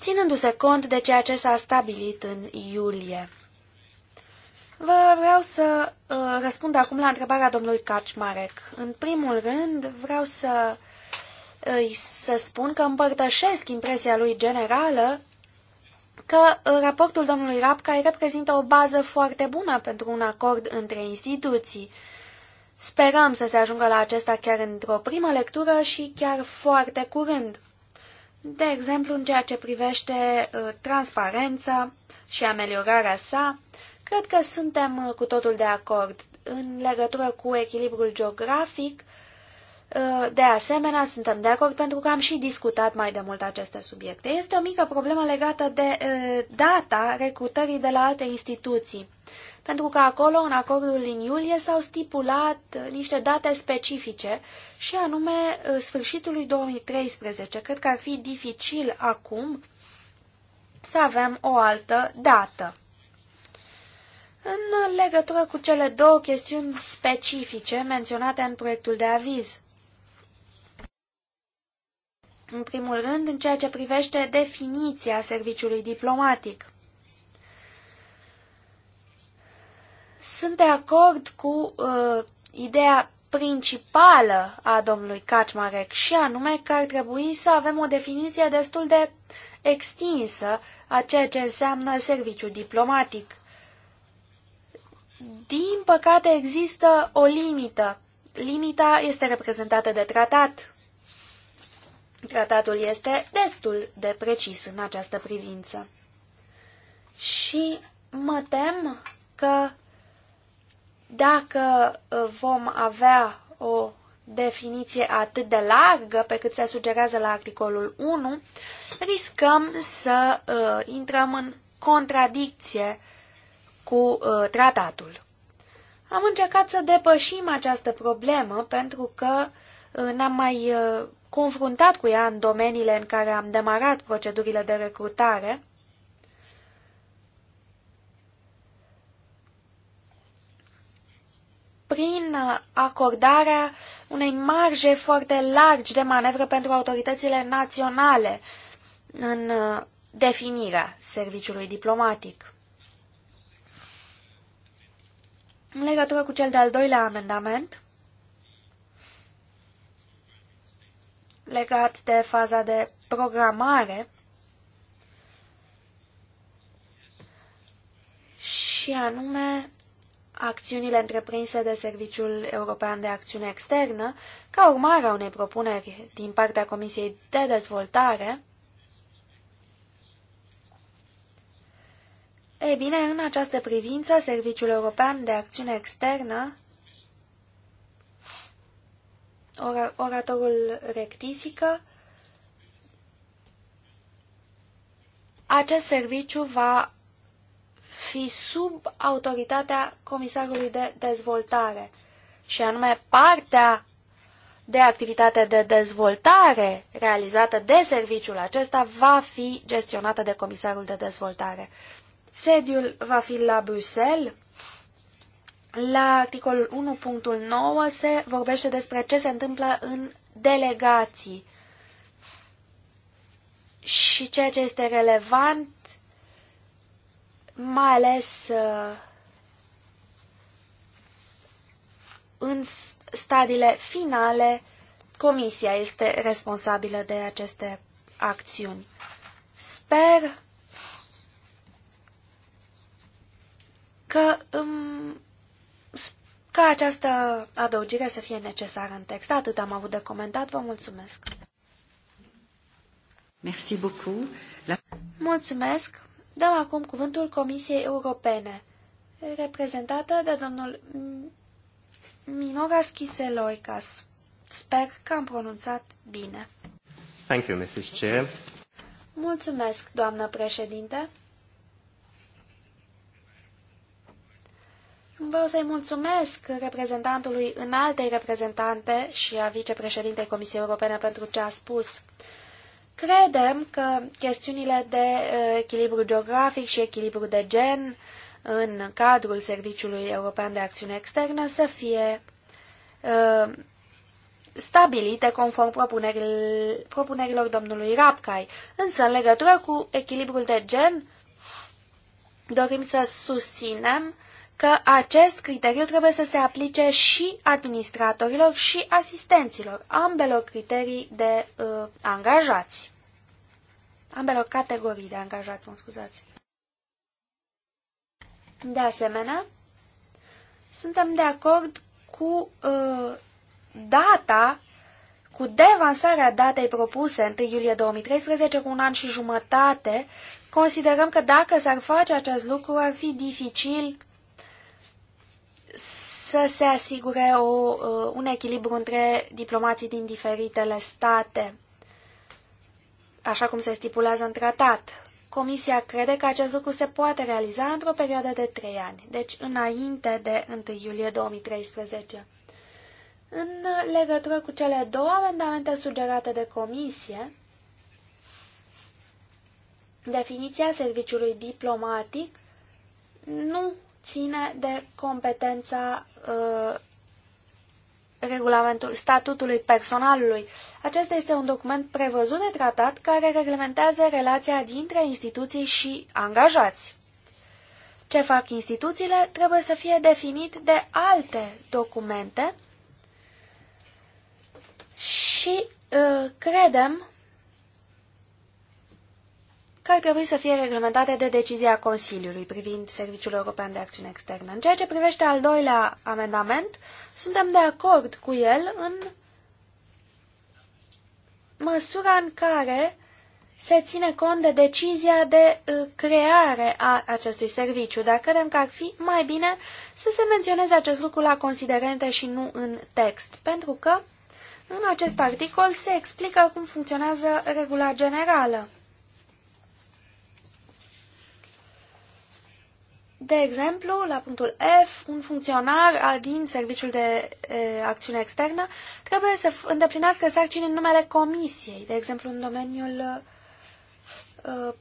ținându-se cont de ceea ce s-a stabilit în iulie. Vă vreau să uh, răspund acum la întrebarea domnului Kaczmarek. În primul rând, vreau să să spun că împărtășesc impresia lui generală că uh, raportul domnului Rapcai reprezintă o bază foarte bună pentru un acord între instituții. Sperăm să se ajungă la acesta chiar într-o primă lectură și chiar foarte curând. De exemplu, în ceea ce privește uh, transparența și ameliorarea sa, cred că suntem uh, cu totul de acord. În legătură cu echilibrul geografic, Uh, de asemenea, suntem de acord pentru că am și discutat mai de mult aceste subiecte. Este o mică problemă legată de uh, data recrutării de la alte instituții, pentru că acolo, în acordul din iulie, s-au stipulat uh, niște date specifice și anume sfârșitul lui 2013. Cred că ar fi dificil acum să avem o altă dată. În legătură cu cele două chestiuni specifice menționate în proiectul de aviz, în primul rând, în ceea ce privește definiția serviciului diplomatic. Sunt de acord cu uh, ideea principală a domnului Kaczmarek și anume că ar trebui să avem o definiție destul de extinsă a ceea ce înseamnă serviciul diplomatic. Din păcate există o limită. Limita este reprezentată de tratat. Tratatul este destul de precis în această privință. Și mă tem că dacă vom avea o definiție atât de largă pe cât se sugerează la articolul 1, riscăm să uh, intrăm în contradicție cu uh, tratatul. Am încercat să depășim această problemă pentru că uh, n-am mai uh, confruntat cu ea în domeniile în care am demarat procedurile de recrutare. prin acordarea unei marje foarte largi de manevră pentru autoritățile naționale în uh, definirea serviciului diplomatic. În legătură cu cel de-al doilea amendament, legat de faza de programare și anume acțiunile întreprinse de Serviciul European de Acțiune Externă, ca urmare a unei propuneri din partea Comisiei de Dezvoltare. Ei bine, în această privință, Serviciul European de Acțiune Externă oratorul rectifică. Acest serviciu va fi sub autoritatea Comisarului de Dezvoltare și anume partea de activitate de dezvoltare realizată de serviciul acesta va fi gestionată de Comisarul de Dezvoltare. Sediul va fi la Bruxelles la articolul 1.9 se vorbește despre ce se întâmplă în delegații. Și ceea ce este relevant, mai ales uh, în stadiile finale, Comisia este responsabilă de aceste acțiuni. Sper că îmi ca această adăugire să fie necesară în text. Atât am avut de comentat, vă mulțumesc. Merci beaucoup. La... Mulțumesc. Dăm acum cuvântul Comisiei Europene, reprezentată de domnul Minoras Chiseloicas. Sper că am pronunțat bine. Thank you, Mrs. Chair. Mulțumesc, doamnă președinte. Vreau să-i mulțumesc reprezentantului înaltei reprezentante și a vicepreședintei Comisiei Europene pentru ce a spus. Credem că chestiunile de uh, echilibru geografic și echilibru de gen în cadrul Serviciului European de Acțiune Externă să fie uh, stabilite conform propunerilor domnului Rapcai. Însă, în legătură cu echilibrul de gen, dorim să susținem că acest criteriu trebuie să se aplice și administratorilor și asistenților, ambelor criterii de uh, angajați, ambelor categorii de angajați, mă scuzați. De asemenea, suntem de acord cu uh, data, cu devansarea datei propuse 1 iulie 2013 cu un an și jumătate, considerăm că dacă s-ar face acest lucru ar fi dificil să se asigure o, uh, un echilibru între diplomații din diferitele state, așa cum se stipulează în tratat. Comisia crede că acest lucru se poate realiza într-o perioadă de trei ani, deci înainte de 1 iulie 2013. În legătură cu cele două amendamente sugerate de comisie, definiția serviciului diplomatic nu ține de competența uh, regulamentul statutului personalului. Acesta este un document prevăzut de tratat care reglementează relația dintre instituții și angajați. Ce fac instituțiile trebuie să fie definit de alte documente și uh, credem care trebuie să fie reglementate de decizia Consiliului privind Serviciul European de Acțiune Externă. În ceea ce privește al doilea amendament, suntem de acord cu el în măsura în care se ține cont de decizia de uh, creare a acestui serviciu, dar credem că ar fi mai bine să se menționeze acest lucru la considerente și nu în text, pentru că în acest articol se explică cum funcționează regula generală. De exemplu, la punctul F, un funcționar din Serviciul de e, Acțiune Externă trebuie să îndeplinească sarcini în numele Comisiei, de exemplu în domeniul e,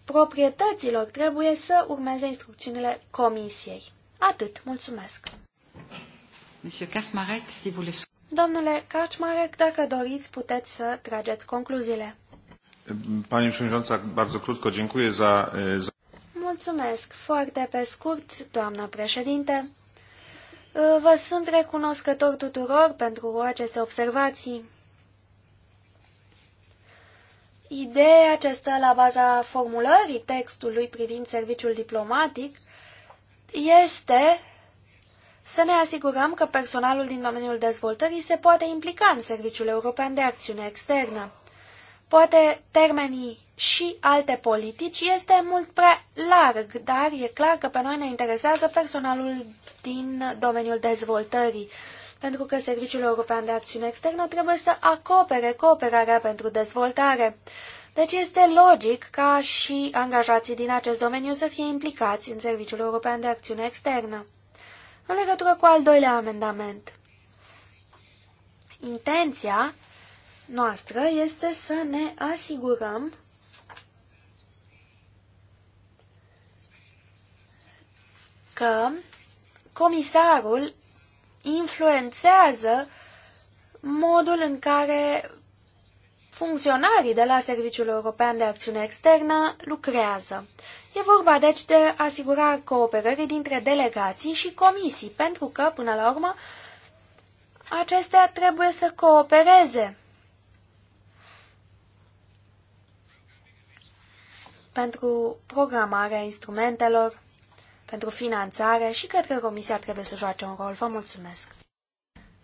proprietăților, trebuie să urmeze instrucțiunile Comisiei. Atât, mulțumesc. Domnule Kaczmarek, dacă doriți, puteți să trageți concluziile. Pani Przewodnicząca, bardzo krótko dziękuję za... za... Mulțumesc. Foarte pe scurt, doamna președinte. Vă sunt recunoscător tuturor pentru aceste observații. Ideea stă la baza formulării textului privind serviciul diplomatic este să ne asigurăm că personalul din domeniul dezvoltării se poate implica în Serviciul European de Acțiune Externă. Poate termenii și alte politici este mult prea larg, dar e clar că pe noi ne interesează personalul din domeniul dezvoltării, pentru că Serviciul European de Acțiune Externă trebuie să acopere cooperarea pentru dezvoltare. Deci este logic ca și angajații din acest domeniu să fie implicați în Serviciul European de Acțiune Externă. În legătură cu al doilea amendament, intenția noastră este să ne asigurăm că comisarul influențează modul în care funcționarii de la Serviciul European de Acțiune Externă lucrează. E vorba deci de asigura cooperării dintre delegații și comisii, pentru că, până la urmă, acestea trebuie să coopereze pentru programarea instrumentelor, pentru finanțare și cred că Comisia trebuie să joace un rol. Vă mulțumesc!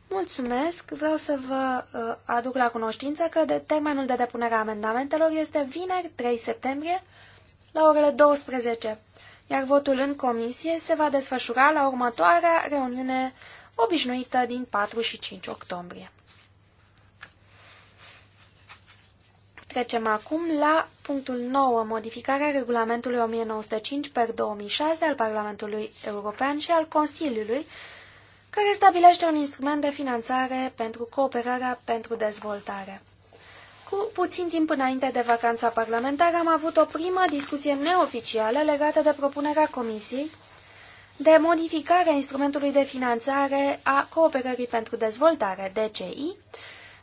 Mulțumesc! Vreau să vă uh, aduc la cunoștință că de termenul de depunere a amendamentelor este vineri 3 septembrie la orele 12, iar votul în comisie se va desfășura la următoarea reuniune obișnuită din 4 și 5 octombrie. Trecem acum la punctul 9, modificarea regulamentului 1905 per 2006 al Parlamentului European și al Consiliului, care stabilește un instrument de finanțare pentru cooperarea pentru dezvoltare. Cu puțin timp înainte de vacanța parlamentară am avut o primă discuție neoficială legată de propunerea Comisiei de modificare a instrumentului de finanțare a cooperării pentru dezvoltare, DCI,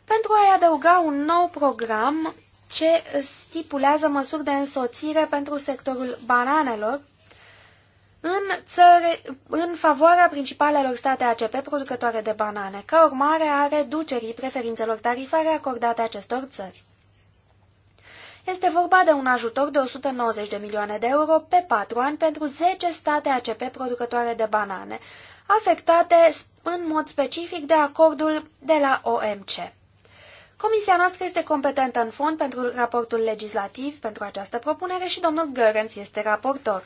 pentru a-i adăuga un nou program ce stipulează măsuri de însoțire pentru sectorul bananelor în, țări, în favoarea principalelor state ACP producătoare de banane, ca urmare a reducerii preferințelor tarifare acordate acestor țări. Este vorba de un ajutor de 190 de milioane de euro pe 4 ani pentru 10 state ACP producătoare de banane, afectate în mod specific de acordul de la OMC. Comisia noastră este competentă în fond pentru raportul legislativ pentru această propunere și domnul Görens este raportor.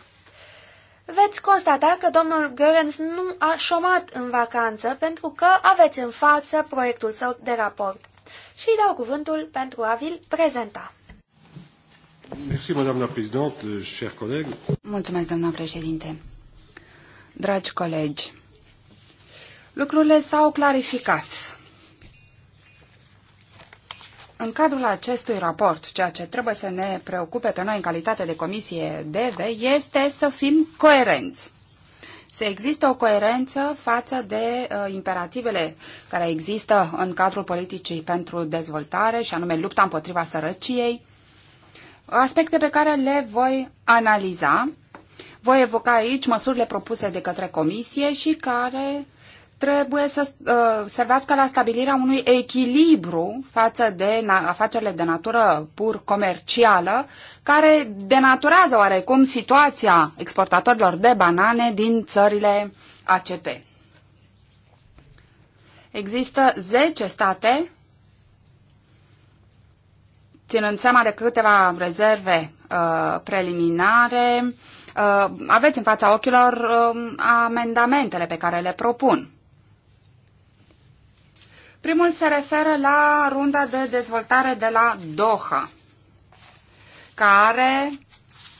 Veți constata că domnul Görens nu a șomat în vacanță pentru că aveți în față proiectul său de raport. Și îi dau cuvântul pentru a vi-l prezenta. Mulțumesc, doamna președinte. Dragi colegi, lucrurile s-au clarificat în cadrul acestui raport, ceea ce trebuie să ne preocupe pe noi în calitate de comisie DV este să fim coerenți. Să există o coerență față de uh, imperativele care există în cadrul politicii pentru dezvoltare, și anume lupta împotriva sărăciei, aspecte pe care le voi analiza. Voi evoca aici măsurile propuse de către comisie și care trebuie să uh, servească la stabilirea unui echilibru față de afacerile de natură pur comercială, care denaturează oarecum situația exportatorilor de banane din țările ACP. Există 10 state, ținând seama de câteva rezerve uh, preliminare, uh, aveți în fața ochilor uh, amendamentele pe care le propun. Primul se referă la runda de dezvoltare de la Doha, care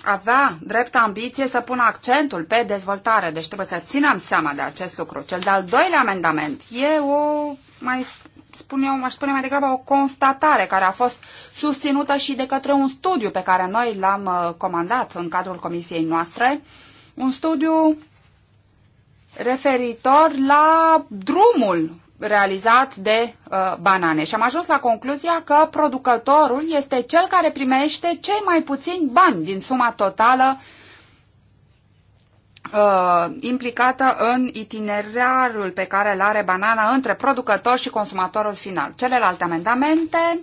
avea drept ambiție să pună accentul pe dezvoltare, deci trebuie să ținem seama de acest lucru. Cel de-al doilea amendament e o, mai spun eu, aș spune mai degrabă, o constatare care a fost susținută și de către un studiu pe care noi l-am uh, comandat în cadrul comisiei noastre, un studiu referitor la drumul realizat de uh, banane. Și am ajuns la concluzia că producătorul este cel care primește cei mai puțini bani din suma totală uh, implicată în itinerarul pe care îl are banana între producător și consumatorul final. Celelalte amendamente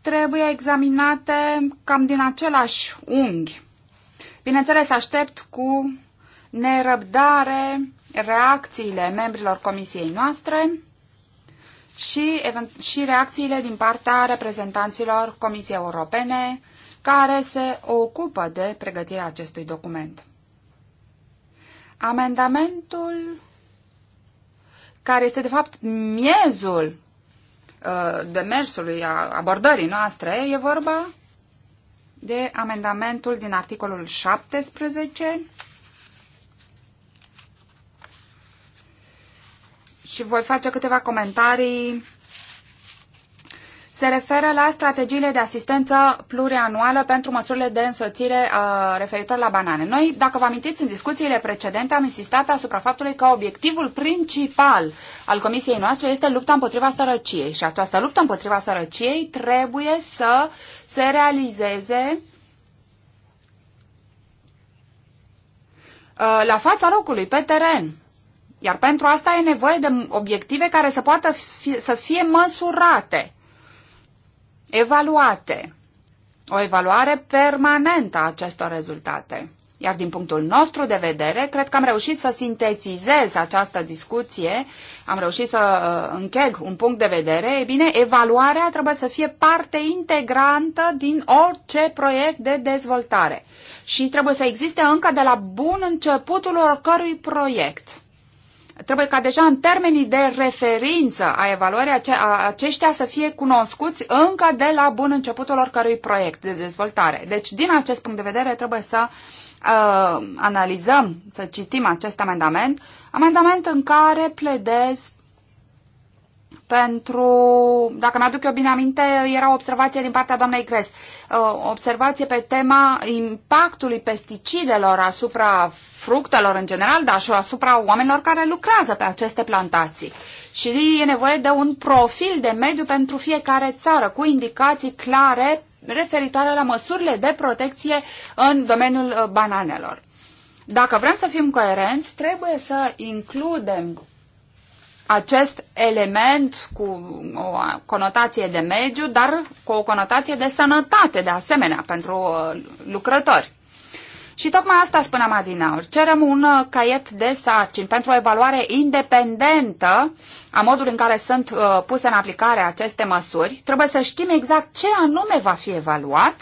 trebuie examinate cam din același unghi. Bineînțeles, aștept cu nerăbdare reacțiile membrilor comisiei noastre și, și reacțiile din partea reprezentanților Comisiei Europene care se ocupă de pregătirea acestui document. Amendamentul care este de fapt miezul uh, demersului, a abordării noastre, e vorba de amendamentul din articolul 17 și voi face câteva comentarii, se referă la strategiile de asistență plurianuală pentru măsurile de însoțire uh, referitor la banane. Noi, dacă vă amintiți, în discuțiile precedente am insistat asupra faptului că obiectivul principal al comisiei noastre este lupta împotriva sărăciei și această luptă împotriva sărăciei trebuie să se realizeze uh, la fața locului, pe teren. Iar pentru asta e nevoie de obiective care să poată fi, să fie măsurate, evaluate. O evaluare permanentă a acestor rezultate. Iar din punctul nostru de vedere, cred că am reușit să sintetizez această discuție, am reușit să uh, încheg un punct de vedere. E bine, evaluarea trebuie să fie parte integrantă din orice proiect de dezvoltare și trebuie să existe încă de la bun începutul oricărui proiect trebuie ca deja în termenii de referință a evaluării ace a aceștia să fie cunoscuți încă de la bun începutul oricărui proiect de dezvoltare. Deci, din acest punct de vedere, trebuie să uh, analizăm, să citim acest amendament, amendament în care pledez pentru, dacă mi-aduc eu bine aminte, era o observație din partea doamnei Gres, o observație pe tema impactului pesticidelor asupra fructelor în general, dar și asupra oamenilor care lucrează pe aceste plantații. Și e nevoie de un profil de mediu pentru fiecare țară, cu indicații clare referitoare la măsurile de protecție în domeniul uh, bananelor. Dacă vrem să fim coerenți, trebuie să includem acest element cu o conotație de mediu, dar cu o conotație de sănătate, de asemenea, pentru uh, lucrători. Și tocmai asta spuneam adinaur. Cerem un uh, caiet de sarcini pentru o evaluare independentă a modului în care sunt uh, puse în aplicare aceste măsuri. Trebuie să știm exact ce anume va fi evaluat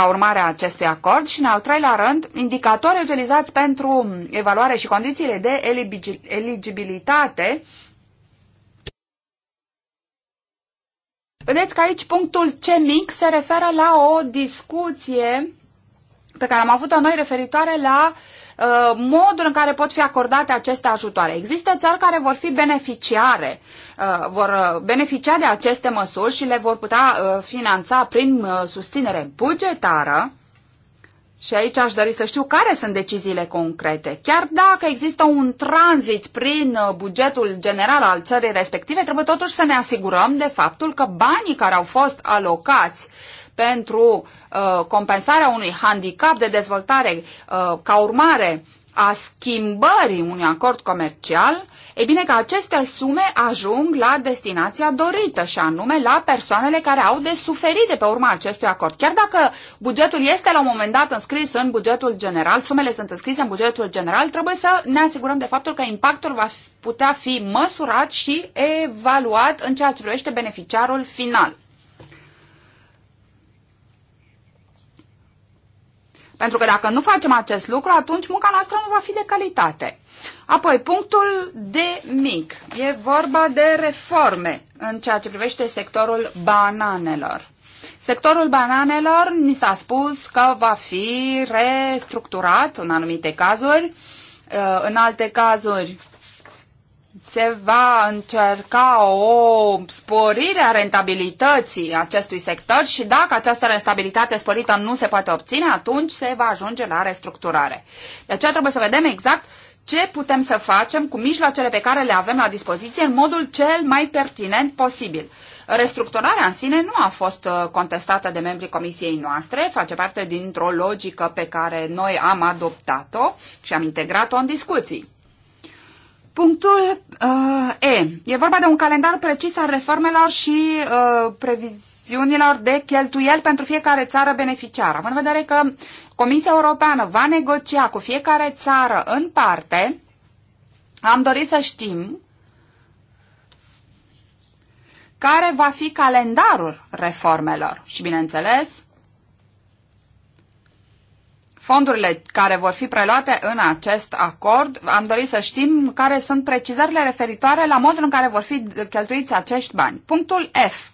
ca urmare a acestui acord și, în al treilea rând, indicatori utilizați pentru evaluare și condițiile de eligibilitate. Vedeți că aici punctul C mic se referă la o discuție pe care am avut-o noi referitoare la uh, Uh, modul în care pot fi acordate aceste ajutoare. Există țări care vor fi beneficiare, uh, vor uh, beneficia de aceste măsuri și le vor putea finanța prin susținere bugetară. Și aici aș dori să știu care sunt deciziile concrete. Chiar dacă există un tranzit prin bugetul general al țării respective, trebuie totuși să ne asigurăm de faptul că banii care au fost alocați uh, pentru uh, compensarea unui handicap de dezvoltare uh, ca urmare a schimbării unui acord comercial, e bine că aceste sume ajung la destinația dorită și anume la persoanele care au de suferit de pe urma acestui acord. Chiar dacă bugetul este la un moment dat înscris în bugetul general, sumele sunt înscrise în bugetul general, trebuie să ne asigurăm de faptul că impactul va putea fi măsurat și evaluat în ceea ce privește beneficiarul final. Pentru că dacă nu facem acest lucru, atunci munca noastră nu va fi de calitate. Apoi, punctul de mic. E vorba de reforme în ceea ce privește sectorul bananelor. Sectorul bananelor ni s-a spus că va fi restructurat în anumite cazuri, în alte cazuri se va încerca o sporire a rentabilității acestui sector și dacă această rentabilitate sporită nu se poate obține, atunci se va ajunge la restructurare. De aceea trebuie să vedem exact ce putem să facem cu mijloacele pe care le avem la dispoziție în modul cel mai pertinent posibil. Restructurarea în sine nu a fost uh, contestată de membrii comisiei noastre, face parte dintr-o logică pe care noi am adoptat-o și am integrat-o în discuții. Punctul uh, E. E vorba de un calendar precis al reformelor și uh, previziunilor de cheltuieli pentru fiecare țară beneficiară. Având în vedere că Comisia Europeană va negocia cu fiecare țară în parte, am dorit să știm care va fi calendarul reformelor. Și, bineînțeles, fondurile care vor fi preluate în acest acord, am dorit să știm care sunt precizările referitoare la modul în care vor fi cheltuiți acești bani. Punctul F.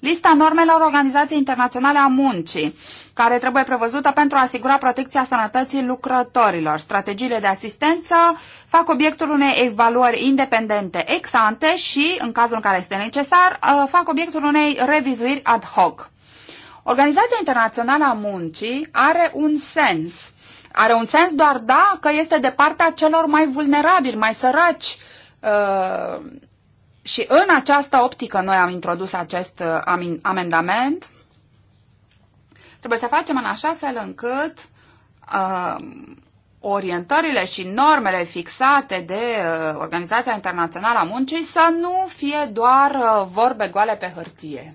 Lista normelor Organizației Internaționale a Muncii, care trebuie prevăzută pentru a asigura protecția sănătății lucrătorilor. Strategiile de asistență fac obiectul unei evaluări independente ex ante și, în cazul în care este necesar, uh, fac obiectul unei revizuiri ad hoc. Organizația Internațională a Muncii are un sens. Are un sens doar dacă este de partea celor mai vulnerabili, mai săraci. Uh, și în această optică noi am introdus acest uh, amendament. Trebuie să facem în așa fel încât uh, orientările și normele fixate de uh, Organizația Internațională a Muncii să nu fie doar uh, vorbe goale pe hârtie.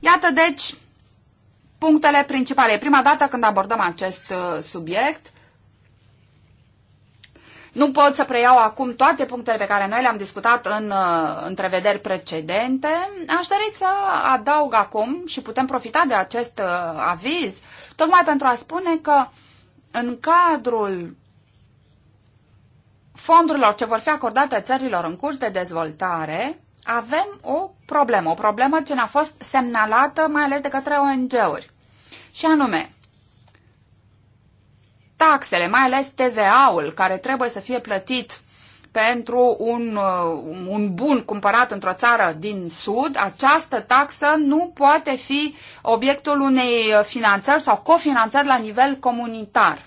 Iată, deci, punctele principale. E prima dată când abordăm acest uh, subiect. Nu pot să preiau acum toate punctele pe care noi le-am discutat în uh, întrevederi precedente. Aș dori să adaug acum și putem profita de acest uh, aviz, tocmai pentru a spune că în cadrul fondurilor ce vor fi acordate țărilor în curs de dezvoltare, avem o problemă, o problemă ce ne-a fost semnalată mai ales de către ONG-uri. Și anume, taxele, mai ales TVA-ul, care trebuie să fie plătit pentru un, uh, un bun cumpărat într-o țară din Sud, această taxă nu poate fi obiectul unei finanțări sau cofinanțări la nivel comunitar.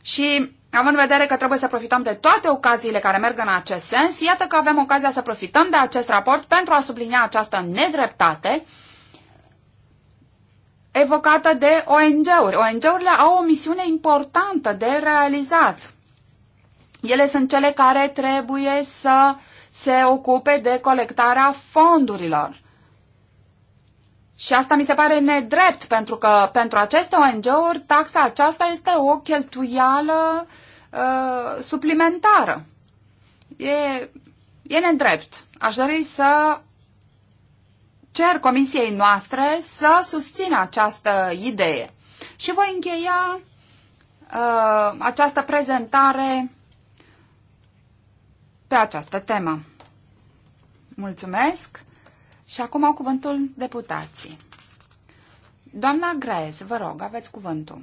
Și Având în vedere că trebuie să profităm de toate ocaziile care merg în acest sens, iată că avem ocazia să profităm de acest raport pentru a sublinia această nedreptate evocată de ONG-uri. ONG-urile au o misiune importantă de realizat. Ele sunt cele care trebuie să se ocupe de colectarea fondurilor. Și asta mi se pare nedrept, pentru că pentru aceste ONG-uri taxa aceasta este o cheltuială uh, suplimentară. E, e nedrept. Aș dori să cer comisiei noastre să susțină această idee. Și voi încheia uh, această prezentare pe această temă. Mulțumesc! Și acum au cuvântul deputații. Doamna Graez, vă rog, aveți cuvântul.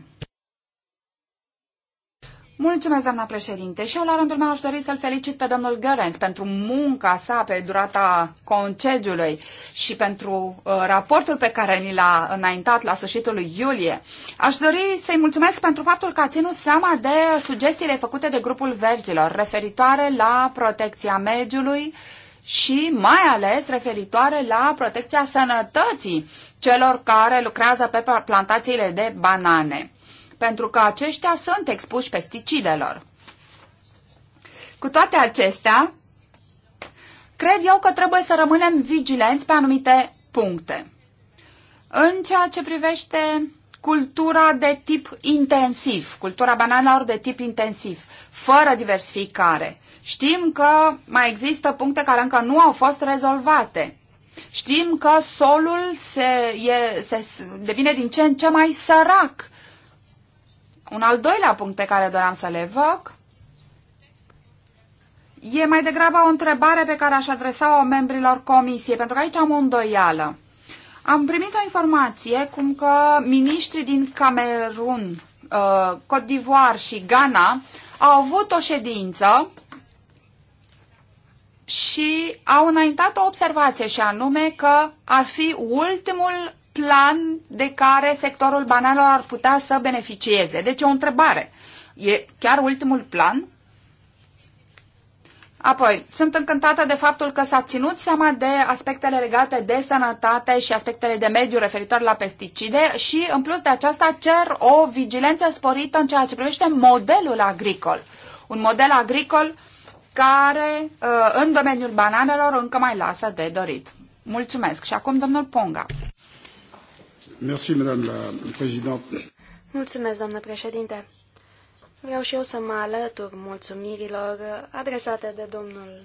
Mulțumesc, doamna președinte. Și eu, la rândul meu, aș dori să-l felicit pe domnul Görens pentru munca sa pe durata concediului și pentru uh, raportul pe care ni l-a înaintat la sfârșitul lui iulie. Aș dori să-i mulțumesc pentru faptul că a ținut seama de sugestiile făcute de grupul verzilor referitoare la protecția mediului, uh, și mai ales referitoare la protecția sănătății celor care lucrează pe plantațiile de banane, pentru că aceștia sunt expuși pesticidelor. Cu toate acestea, cred eu că trebuie să rămânem vigilenți pe anumite puncte. În ceea ce privește cultura de tip intensiv, cultura bananelor de tip intensiv, fără diversificare. Știm că mai există puncte care încă nu au fost rezolvate. Știm că solul se, e, se devine din ce în ce mai sărac. Un al doilea punct pe care doream să le văd, e mai degrabă o întrebare pe care aș adresa-o membrilor comisiei, pentru că aici am o îndoială. Am primit o informație cum că miniștrii din Camerun, uh, Côte d'Ivoire și Ghana au avut o ședință și au înaintat o observație și anume că ar fi ultimul plan de care sectorul banalor ar putea să beneficieze. Deci o întrebare. E chiar ultimul plan? Apoi, sunt încântată de faptul că s-a ținut seama de aspectele legate de sănătate și aspectele de mediu referitor la pesticide și, în plus de aceasta, cer o vigilență sporită în ceea ce privește modelul agricol. Un model agricol care, uh, în domeniul bananelor, încă mai lasă de dorit. Mulțumesc. Și acum, domnul Ponga. Merci, Mulțumesc, domnule președinte. Vreau și eu să mă alătur mulțumirilor adresate de domnul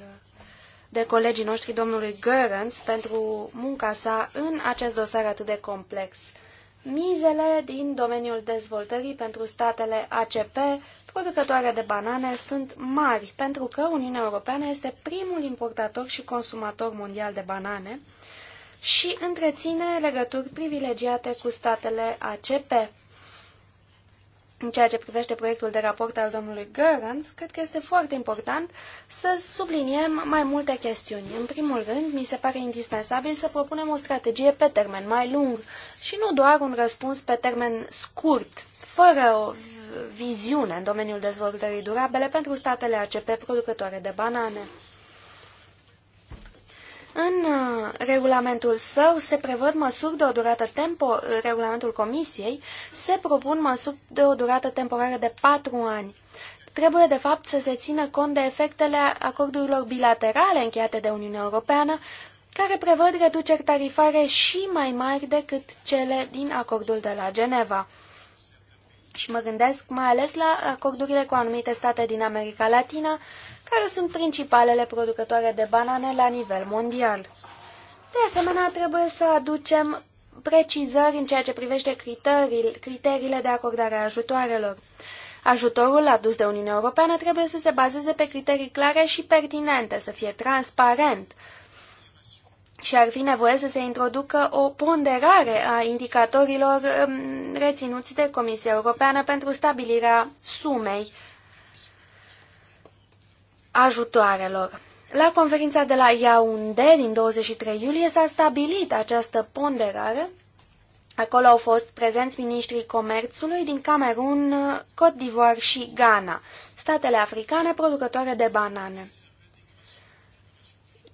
de colegii noștri, domnului Görens, pentru munca sa în acest dosar atât de complex. Mizele din domeniul dezvoltării pentru statele ACP producătoare de banane sunt mari, pentru că Uniunea Europeană este primul importator și consumator mondial de banane și întreține legături privilegiate cu statele ACP. În ceea ce privește proiectul de raport al domnului Görans, cred că este foarte important să subliniem mai multe chestiuni. În primul rând, mi se pare indispensabil să propunem o strategie pe termen mai lung și nu doar un răspuns pe termen scurt, fără o viziune în domeniul dezvoltării durabile pentru statele ACP producătoare de banane. În uh, regulamentul său se prevăd măsuri de o durată tempo, uh, regulamentul comisiei se propun măsuri de o durată temporară de patru ani. Trebuie, de fapt, să se țină cont de efectele acordurilor bilaterale încheiate de Uniunea Europeană, care prevăd reduceri tarifare și mai mari decât cele din acordul de la Geneva. Și mă gândesc mai ales la acordurile cu anumite state din America Latina, care sunt principalele producătoare de banane la nivel mondial. De asemenea, trebuie să aducem precizări în ceea ce privește criteriile de acordare a ajutoarelor. Ajutorul adus de Uniunea Europeană trebuie să se bazeze pe criterii clare și pertinente, să fie transparent și ar fi nevoie să se introducă o ponderare a indicatorilor um, reținuți de Comisia Europeană pentru stabilirea sumei ajutoarelor. La conferința de la Yaoundé din 23 iulie s-a stabilit această ponderare. Acolo au fost prezenți ministrii comerțului din Camerun, Côte d'Ivoire și Ghana, statele africane producătoare de banane.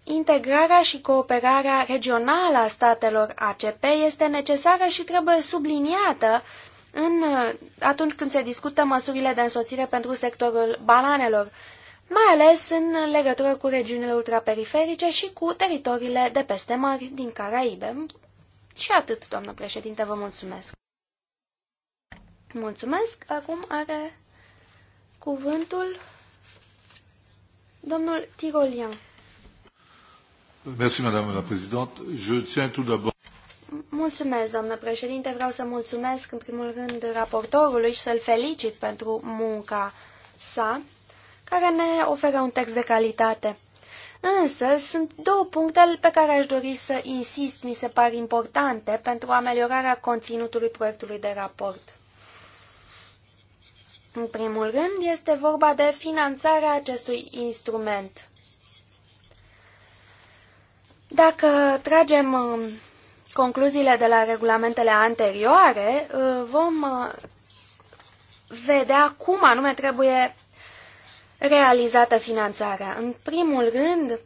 Integrarea și cooperarea regională a statelor ACP este necesară și trebuie subliniată în, atunci când se discută măsurile de însoțire pentru sectorul bananelor, mai ales în legătură cu regiunile ultraperiferice și cu teritoriile de peste mari din Caraibe. Și atât, doamnă președinte, vă mulțumesc. Mulțumesc. Acum are cuvântul domnul Tirolian. Merci, madame la présidente. Je tiens tout d'abord Mulțumesc, doamnă președinte. Vreau să mulțumesc în primul rând raportorului și să-l felicit pentru munca sa care ne oferă un text de calitate. Însă, sunt două puncte pe care aș dori să insist, mi se par importante, pentru ameliorarea conținutului proiectului de raport. În primul rând, este vorba de finanțarea acestui instrument. Dacă tragem um, concluziile de la regulamentele anterioare, uh, vom uh, vedea cum anume trebuie realizată finanțarea. În primul rând,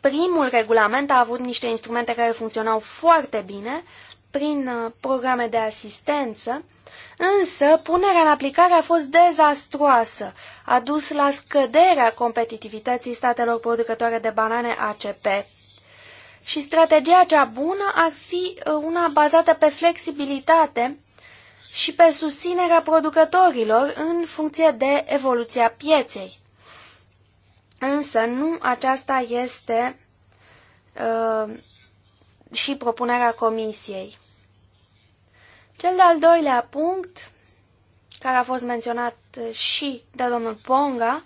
primul regulament a avut niște instrumente care funcționau foarte bine prin uh, programe de asistență, însă punerea în aplicare a fost dezastroasă, a dus la scăderea competitivității statelor producătoare de banane ACP. Și strategia cea bună ar fi uh, una bazată pe flexibilitate și pe susținerea producătorilor în funcție de evoluția pieței. Însă nu aceasta este uh, și propunerea comisiei. Cel de-al doilea punct, care a fost menționat uh, și de domnul Ponga,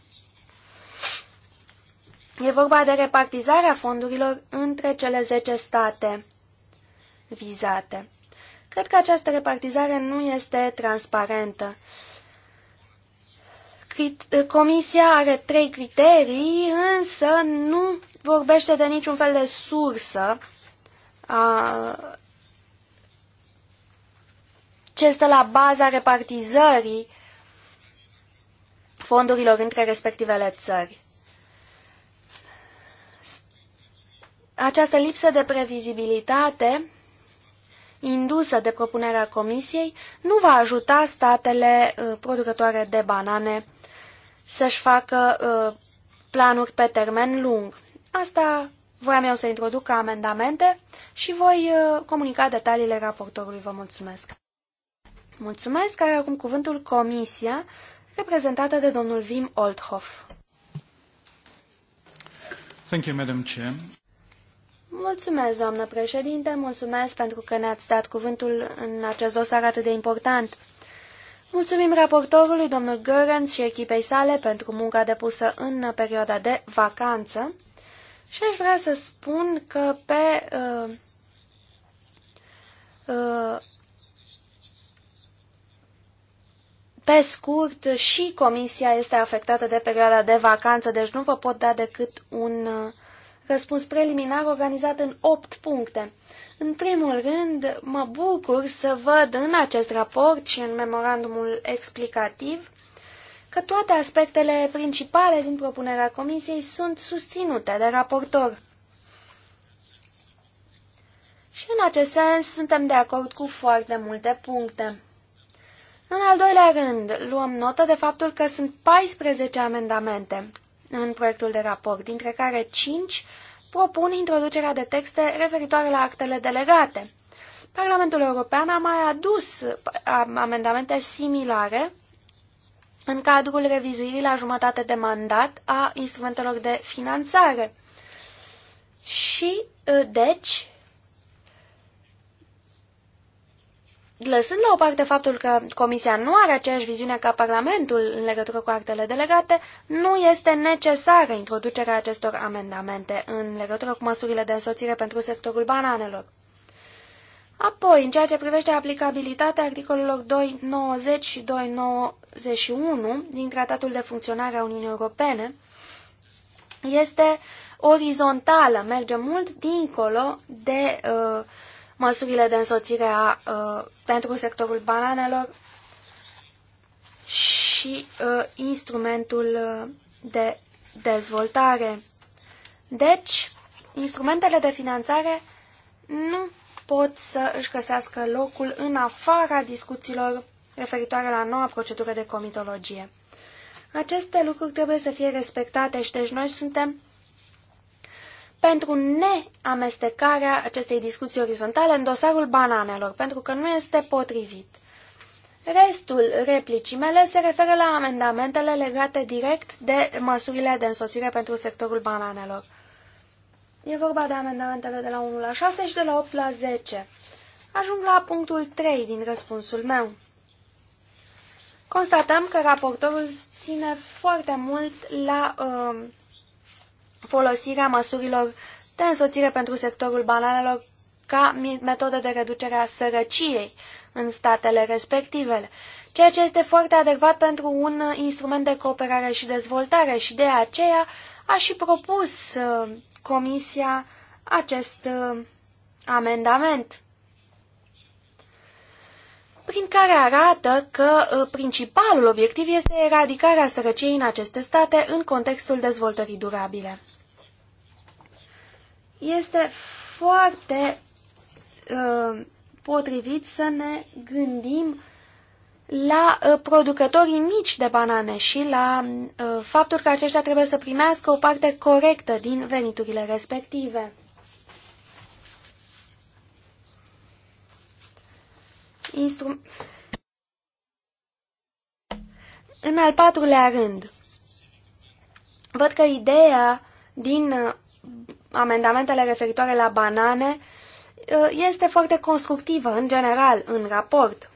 e vorba de repartizarea fondurilor între cele 10 state vizate. Cred că această repartizare nu este transparentă. Comisia are trei criterii, însă nu vorbește de niciun fel de sursă a ce stă la baza repartizării fondurilor între respectivele țări. Această lipsă de previzibilitate indusă de propunerea Comisiei nu va ajuta statele uh, producătoare de banane să-și facă uh, planuri pe termen lung. Asta voiam eu să introduc ca amendamente și voi uh, comunica detaliile raportorului. Vă mulțumesc! Mulțumesc! Are acum cuvântul Comisia, reprezentată de domnul Wim Oldhoff. Thank you, Madam Chair. Mulțumesc, doamnă președinte, mulțumesc pentru că ne-ați dat cuvântul în acest dosar atât de important. Mulțumim raportorului, domnul Görens și echipei sale pentru munca depusă în perioada de vacanță și aș vrea să spun că pe uh, uh, Pe scurt, și comisia este afectată de perioada de vacanță, deci nu vă pot da decât un uh, răspuns preliminar organizat în 8 puncte. În primul rând, mă bucur să văd în acest raport și în memorandumul explicativ că toate aspectele principale din propunerea Comisiei sunt susținute de raportor. Și în acest sens suntem de acord cu foarte multe puncte. În al doilea rând, luăm notă de faptul că sunt 14 amendamente, în proiectul de raport, dintre care cinci propun introducerea de texte referitoare la actele delegate. Parlamentul European a mai adus amendamente similare în cadrul revizuirii la jumătate de mandat a instrumentelor de finanțare. Și, deci, lăsând la o parte faptul că Comisia nu are aceeași viziune ca Parlamentul în legătură cu actele delegate, nu este necesară introducerea acestor amendamente în legătură cu măsurile de însoțire pentru sectorul bananelor. Apoi, în ceea ce privește aplicabilitatea articolelor 290 și 291 din Tratatul de Funcționare a Uniunii Europene, este orizontală, merge mult dincolo de uh, măsurile de însoțire a, uh, pentru sectorul bananelor și uh, instrumentul uh, de dezvoltare. Deci, instrumentele de finanțare nu pot să își găsească locul în afara discuțiilor referitoare la noua procedură de comitologie. Aceste lucruri trebuie să fie respectate și deci noi suntem pentru neamestecarea acestei discuții orizontale în dosarul bananelor, pentru că nu este potrivit. Restul replicii mele se referă la amendamentele legate direct de măsurile de însoțire pentru sectorul bananelor. E vorba de amendamentele de la 1 la 6 și de la 8 la 10. Ajung la punctul 3 din răspunsul meu. Constatăm că raportorul ține foarte mult la uh, folosirea măsurilor de însoțire pentru sectorul bananelor ca metodă de reducere a sărăciei în statele respective, ceea ce este foarte adecvat pentru un instrument de cooperare și dezvoltare și de aceea a și propus uh, Comisia acest uh, amendament prin care arată că uh, principalul obiectiv este eradicarea sărăciei în aceste state în contextul dezvoltării durabile este foarte uh, potrivit să ne gândim la uh, producătorii mici de banane și la uh, faptul că aceștia trebuie să primească o parte corectă din veniturile respective. Instru În al patrulea rând, văd că ideea din uh, amendamentele referitoare la banane uh, este foarte constructivă în general în raport,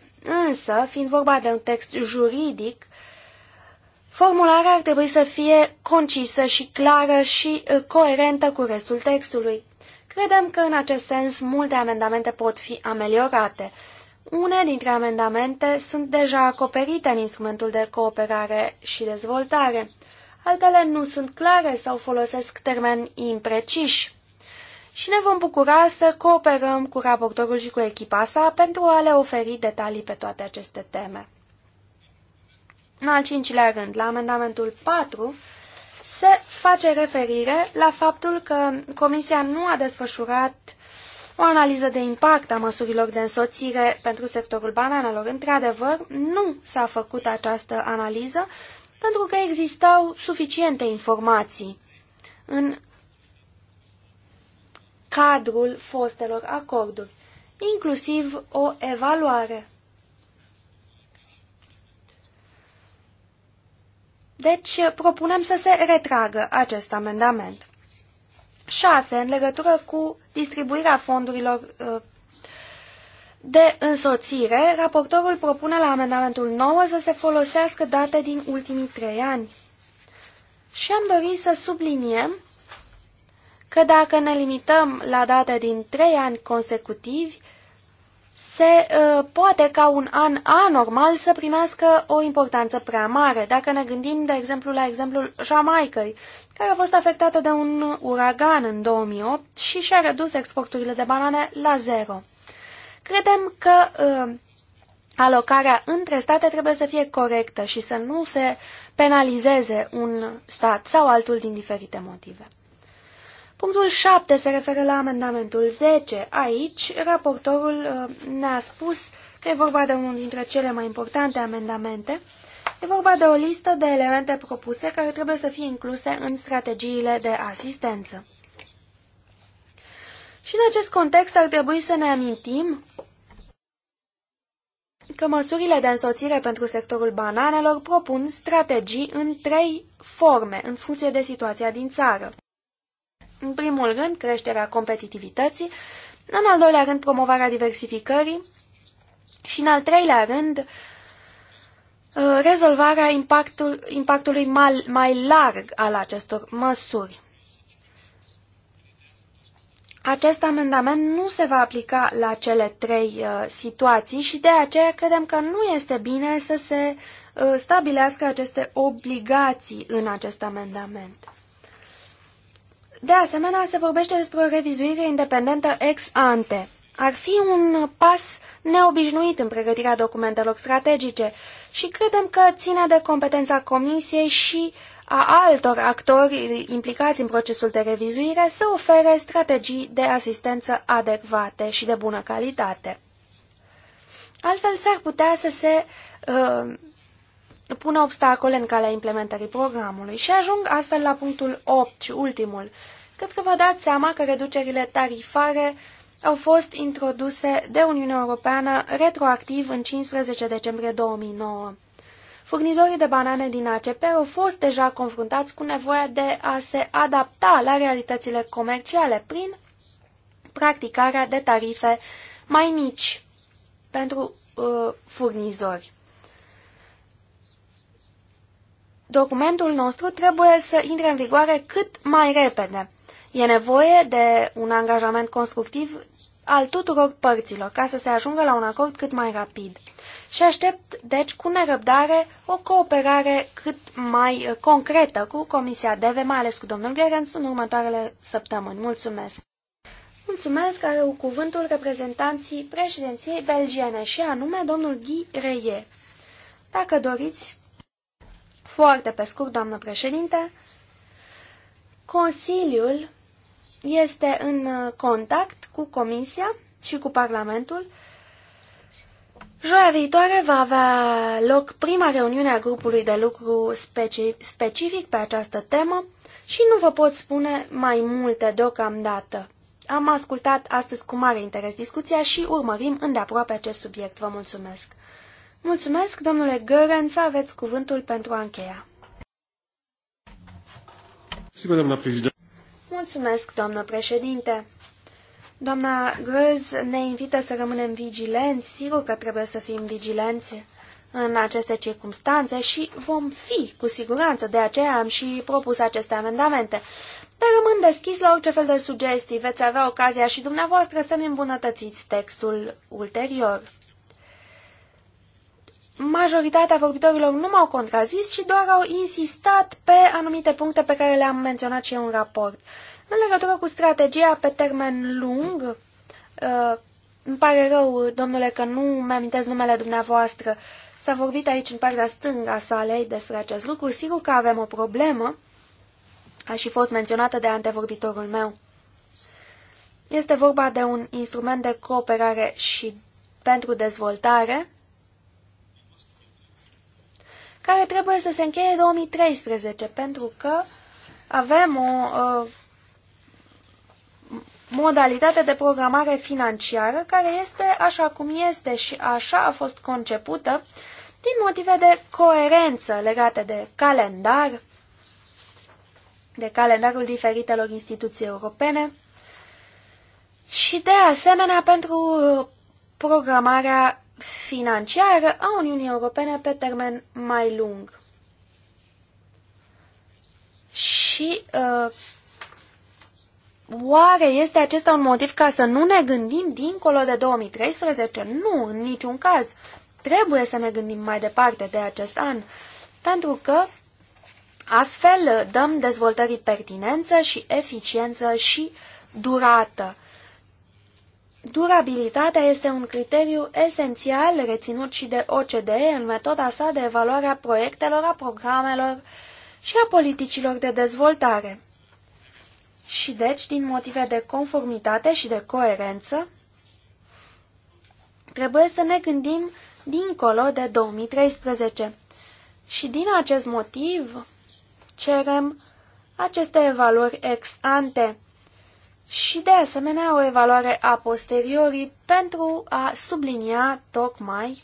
însă, fiind vorba de un text juridic, formularea ar trebui să fie concisă și clară și uh, coerentă cu restul textului. Credem că în acest sens multe amendamente pot fi ameliorate. Une dintre amendamente sunt deja acoperite în instrumentul de cooperare și dezvoltare altele nu sunt clare sau folosesc termeni impreciși. Și ne vom bucura să cooperăm cu raportorul și cu echipa sa pentru a le oferi detalii pe toate aceste teme. În al cincilea rând, la amendamentul 4, se face referire la faptul că Comisia nu a desfășurat o analiză de impact a măsurilor de însoțire pentru sectorul bananelor. Într-adevăr, nu s-a făcut această analiză pentru că existau suficiente informații în cadrul fostelor acorduri, inclusiv o evaluare. Deci, propunem să se retragă acest amendament. 6. În legătură cu distribuirea fondurilor uh, de însoțire, raportorul propune la amendamentul 9 să se folosească date din ultimii trei ani. Și am dorit să subliniem că dacă ne limităm la date din trei ani consecutivi, se uh, poate ca un an anormal să primească o importanță prea mare. Dacă ne gândim, de exemplu, la exemplul Jamaicăi, care a fost afectată de un uragan în 2008 și și-a redus exporturile de banane la zero. Credem că uh, alocarea între state trebuie să fie corectă și să nu se penalizeze un stat sau altul din diferite motive. Punctul 7 se referă la amendamentul 10. Aici, raportorul uh, ne-a spus că e vorba de unul dintre cele mai importante amendamente. E vorba de o listă de elemente propuse care trebuie să fie incluse în strategiile de asistență. Și în acest context ar trebui să ne amintim că măsurile de însoțire pentru sectorul bananelor propun strategii în trei forme, în funcție de situația din țară. În primul rând, creșterea competitivității, în al doilea rând, promovarea diversificării și, în al treilea rând, uh, rezolvarea impactul, impactului mal, mai larg al acestor măsuri acest amendament nu se va aplica la cele trei uh, situații și de aceea credem că nu este bine să se uh, stabilească aceste obligații în acest amendament. De asemenea, se vorbește despre o revizuire independentă ex ante. Ar fi un pas neobișnuit în pregătirea documentelor strategice și credem că ține de competența Comisiei și uh, a altor actori implicați în procesul de revizuire să ofere strategii de asistență adecvate și de bună calitate. Altfel s-ar putea să se uh, pună obstacole în calea implementării programului și ajung astfel la punctul 8 și ultimul. Cred că vă dați seama că reducerile tarifare au fost introduse de Uniunea Europeană retroactiv în 15 decembrie 2009. Furnizorii de banane din ACP au fost deja confruntați cu nevoia de a se adapta la realitățile comerciale prin practicarea de tarife mai mici pentru uh, furnizori. Documentul nostru trebuie să intre în vigoare cât mai repede. E nevoie de un angajament constructiv al tuturor părților, ca să se ajungă la un acord cât mai rapid. Și aștept, deci, cu nerăbdare, o cooperare cât mai uh, concretă cu Comisia DEVE, mai ales cu domnul Gerens, în următoarele săptămâni. Mulțumesc! Mulțumesc, are cuvântul reprezentanții președinției belgiene și anume domnul Guy Reie. Dacă doriți, foarte pe scurt, doamnă președinte, Consiliul este în uh, contact cu Comisia și cu Parlamentul. Joia viitoare va avea loc prima reuniune a grupului de lucru specific pe această temă și nu vă pot spune mai multe deocamdată. Am ascultat astăzi cu mare interes discuția și urmărim îndeaproape acest subiect. Vă mulțumesc! Mulțumesc, domnule Gören, să aveți cuvântul pentru a încheia. Mulțumesc, doamnă președinte. Doamna Grâz ne invită să rămânem vigilenți, sigur că trebuie să fim vigilenți în aceste circunstanțe și vom fi, cu siguranță, de aceea am și propus aceste amendamente. Dar rămân deschis la orice fel de sugestii, veți avea ocazia și dumneavoastră să-mi îmbunătățiți textul ulterior majoritatea vorbitorilor nu m-au contrazis, ci doar au insistat pe anumite puncte pe care le-am menționat și eu în raport. În legătură cu strategia pe termen lung, uh, îmi pare rău, domnule, că nu mi-amintesc numele dumneavoastră. S-a vorbit aici în partea stângă a salei despre acest lucru. Sigur că avem o problemă, a și fost menționată de antevorbitorul meu. Este vorba de un instrument de cooperare și pentru dezvoltare, care trebuie să se încheie 2013, pentru că avem o uh, modalitate de programare financiară care este așa cum este și așa a fost concepută din motive de coerență legate de calendar, de calendarul diferitelor instituții europene și de asemenea pentru programarea financiară a Uniunii Europene pe termen mai lung. Și uh, oare este acesta un motiv ca să nu ne gândim dincolo de 2013? Nu, în niciun caz. Trebuie să ne gândim mai departe de acest an, pentru că astfel dăm dezvoltării pertinență și eficiență și durată. Durabilitatea este un criteriu esențial reținut și de OCDE în metoda sa de evaluare a proiectelor, a programelor și a politicilor de dezvoltare. Și deci, din motive de conformitate și de coerență, trebuie să ne gândim dincolo de 2013. Și din acest motiv cerem aceste evaluări ex ante, și de asemenea o evaluare a posteriori pentru a sublinia tocmai,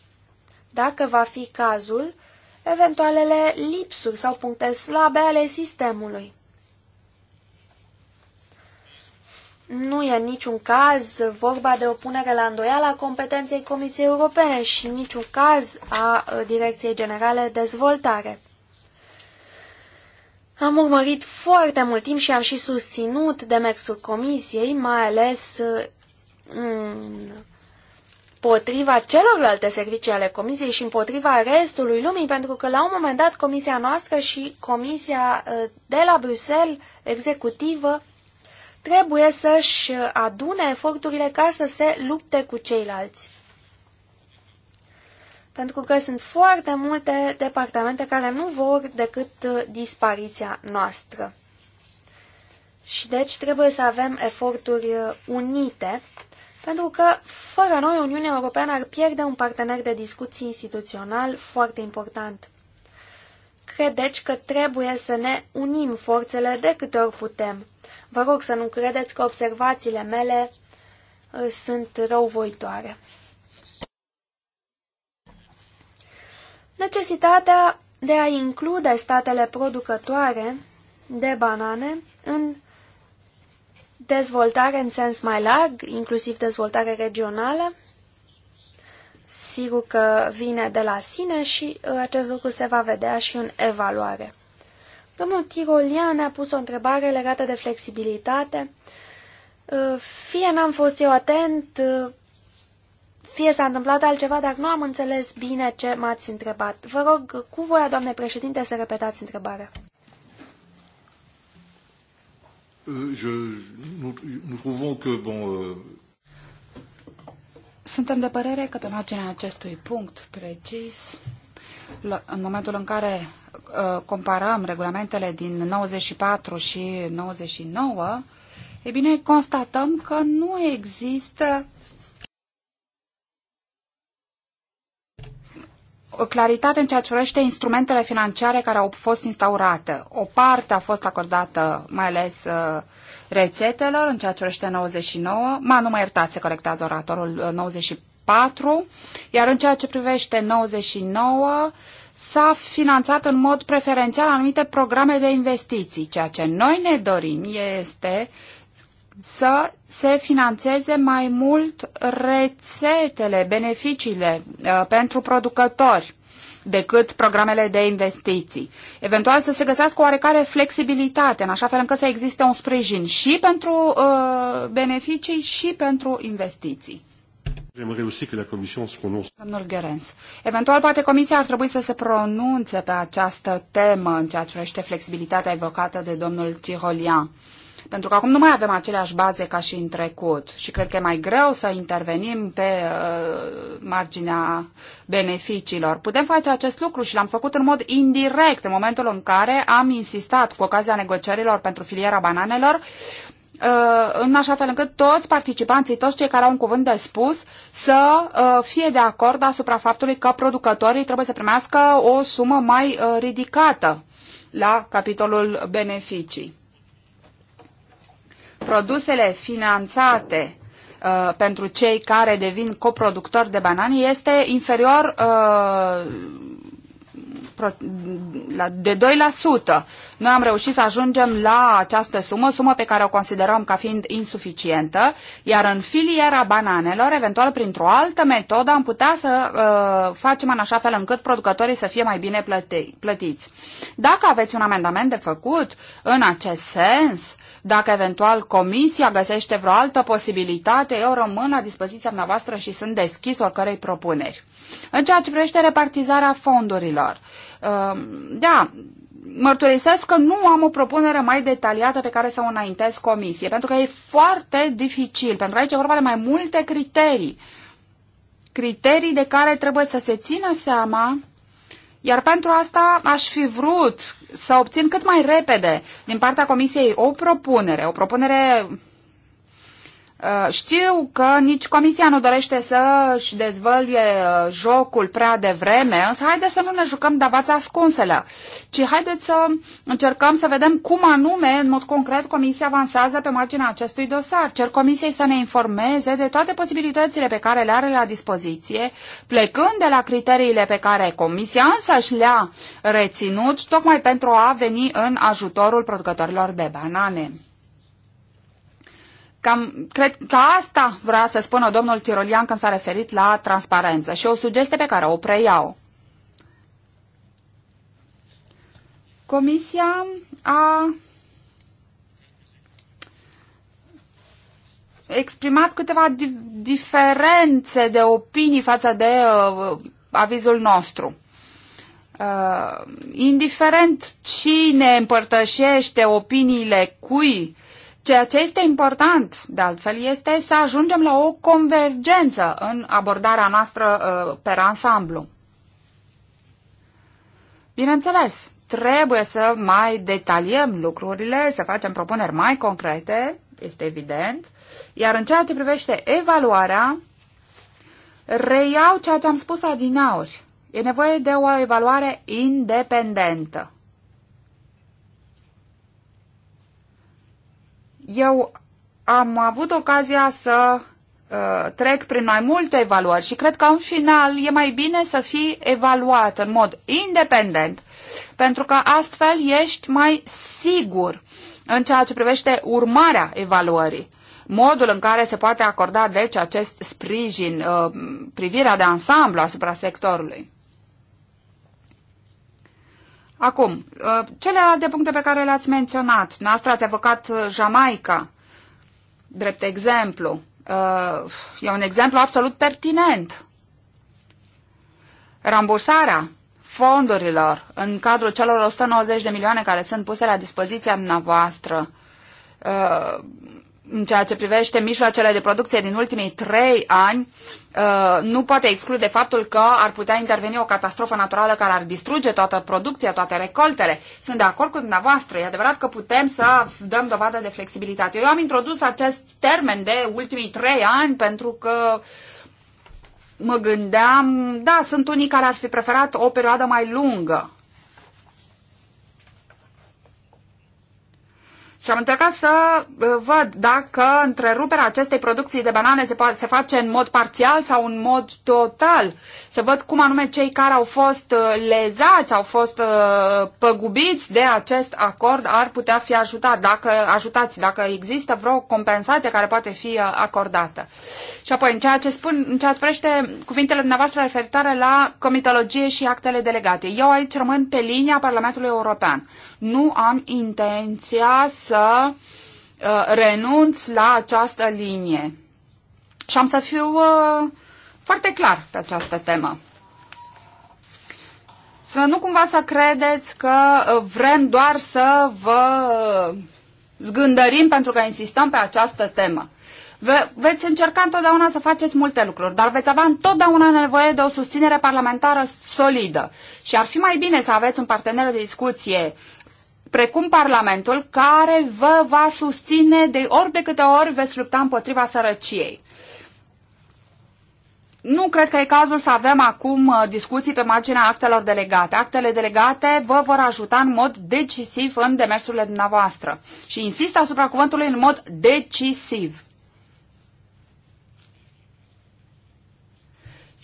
dacă va fi cazul, eventualele lipsuri sau puncte slabe ale sistemului. Nu e în niciun caz vorba de o punere la îndoială a competenței Comisiei Europene și în niciun caz a Direcției Generale Dezvoltare. Am urmărit foarte mult timp și am și susținut demersul comisiei, mai ales uh, împotriva celorlalte servicii ale comisiei și împotriva restului lumii, pentru că la un moment dat comisia noastră și comisia uh, de la Bruxelles, executivă, trebuie să-și adune eforturile ca să se lupte cu ceilalți pentru că sunt foarte multe departamente care nu vor decât uh, dispariția noastră. Și deci trebuie să avem eforturi uh, unite, pentru că fără noi Uniunea Europeană ar pierde un partener de discuții instituțional foarte important. Cred deci că trebuie să ne unim forțele de câte ori putem. Vă rog să nu credeți că observațiile mele uh, sunt răuvoitoare. necesitatea de a include statele producătoare de banane în dezvoltare în sens mai larg, inclusiv dezvoltare regională. Sigur că vine de la sine și uh, acest lucru se va vedea și în evaluare. Domnul Tirolian a pus o întrebare legată de flexibilitate. Uh, fie n-am fost eu atent, uh, fie s-a întâmplat altceva, dar nu am înțeles bine ce m-ați întrebat. Vă rog, cu voia, doamne președinte, să repetați întrebarea. Euh, je, nous, nous que, bon, euh... Suntem de părere că pe marginea acestui punct precis, în momentul în care uh, comparăm regulamentele din 94 și 99, e bine, constatăm că nu există claritate în ceea ce privește instrumentele financiare care au fost instaurate. O parte a fost acordată mai ales uh, rețetelor în ceea ce privește 99, mai nu mă iertați, se corectează oratorul 94, uh, iar în ceea ce privește 99 s-a finanțat în mod preferențial anumite programe de investiții. Ceea ce noi ne dorim este să se financeze mai mult rețetele, beneficiile uh, pentru producători decât programele de investiții. Eventual să se găsească oarecare flexibilitate, în așa fel încât să existe un sprijin și pentru uh, beneficii și pentru investiții. Domnul Gerens, eventual poate Comisia ar trebui să se pronunțe pe această temă în ceea ce privește flexibilitatea evocată de domnul Tirolian. Pentru că acum nu mai avem aceleași baze ca și în trecut și cred că e mai greu să intervenim pe uh, marginea beneficiilor. Putem face acest lucru și l-am făcut în mod indirect în momentul în care am insistat cu ocazia negocierilor pentru filiera bananelor uh, în așa fel încât toți participanții, toți cei care au un cuvânt de spus, să uh, fie de acord asupra faptului că producătorii trebuie să primească o sumă mai ridicată la capitolul beneficii produsele finanțate uh, pentru cei care devin coproductori de banane este inferior uh, de 2%. Noi am reușit să ajungem la această sumă, sumă pe care o considerăm ca fiind insuficientă, iar în filiera bananelor, eventual printr-o altă metodă, am putea să uh, facem în așa fel încât producătorii să fie mai bine plăti- plătiți. Dacă aveți un amendament de făcut în acest sens, uh, dacă eventual comisia găsește vreo altă posibilitate, eu rămân la dispoziția noastră și sunt deschis oricărei propuneri. În ceea ce privește repartizarea fondurilor, um, da, mărturisesc că nu am o propunere mai detaliată pe care să o înaintez comisie, pentru că e foarte dificil, pentru că aici e vorba de mai multe criterii. Criterii de care trebuie să se țină seama iar pentru asta aș fi vrut să obțin cât mai repede din partea Comisiei o propunere, o propunere Uh, știu că nici Comisia nu dorește să-și dezvăluie uh, jocul prea devreme, însă haideți să nu ne jucăm davați ascunselă, ci haideți să încercăm să vedem cum anume, în mod concret, Comisia avansează pe marginea acestui dosar. Cer Comisiei să ne informeze de toate posibilitățile pe care le are la dispoziție, plecând de la criteriile pe care Comisia și le-a reținut, tocmai pentru a veni în ajutorul producătorilor de banane. Cam, cred că asta vrea să spună domnul Tirolian când s-a referit la transparență și o sugestie pe care o preiau. Comisia a exprimat câteva diferențe de opinii față de uh, avizul nostru. Uh, indiferent cine împărtășește opiniile cui, Ceea ce este important, de altfel, este să ajungem la o convergență în abordarea noastră uh, pe per ansamblu. Bineînțeles, trebuie să mai detaliem lucrurile, să facem propuneri mai concrete, este evident, iar în ceea ce privește evaluarea, reiau ceea ce am spus adinauri. E nevoie de o evaluare independentă. Eu am avut ocazia să uh, trec prin mai multe evaluări și cred că în final e mai bine să fii evaluat în mod independent, pentru că astfel ești mai sigur în ceea ce privește urmarea evaluării modul în care se poate acorda, deci, acest sprijin, uh, privirea de ansamblu asupra sectorului. Acum, uh, celelalte puncte pe care le-ați menționat, noastră ați evocat uh, Jamaica, drept exemplu, uh, e un exemplu absolut pertinent. Rambursarea fondurilor în cadrul celor 190 de milioane care sunt puse la dispoziția dumneavoastră, în ceea ce privește mijloacele de producție din ultimii trei ani, uh, nu poate exclude faptul că ar putea interveni o catastrofă naturală care ar distruge toată producția, toate recoltele. Sunt de acord cu dumneavoastră. E adevărat că putem să dăm dovadă de flexibilitate. Eu am introdus acest termen de ultimii trei ani pentru că mă gândeam, da, sunt unii care ar fi preferat o perioadă mai lungă. Și am încercat să uh, văd dacă întreruperea acestei producții de banane se, poate, se face în mod parțial sau în mod total. Să văd cum anume cei care au fost uh, lezați, au fost uh, păgubiți de acest acord ar putea fi ajutat, dacă, ajutați, dacă există vreo compensație care poate fi acordată. Și apoi, în ceea ce spun, în ceea ce prește cuvintele dumneavoastră referitoare la comitologie și actele delegate. Eu aici rămân pe linia Parlamentului European nu am intenția să uh, renunț la această linie. Și am să fiu uh, foarte clar pe această temă. Să nu cumva să credeți că uh, vrem doar să vă zgândărim pentru că insistăm pe această temă. Ve- veți încerca întotdeauna să faceți multe lucruri, dar veți avea întotdeauna nevoie de o susținere parlamentară solidă. Și ar fi mai bine să aveți un partener de discuție precum Parlamentul, care vă va susține de ori de câte ori veți lupta împotriva sărăciei. Nu cred că e cazul să avem acum uh, discuții pe marginea actelor delegate. Actele delegate vă vor ajuta în mod decisiv în demersurile dumneavoastră. Și insist asupra cuvântului în mod decisiv.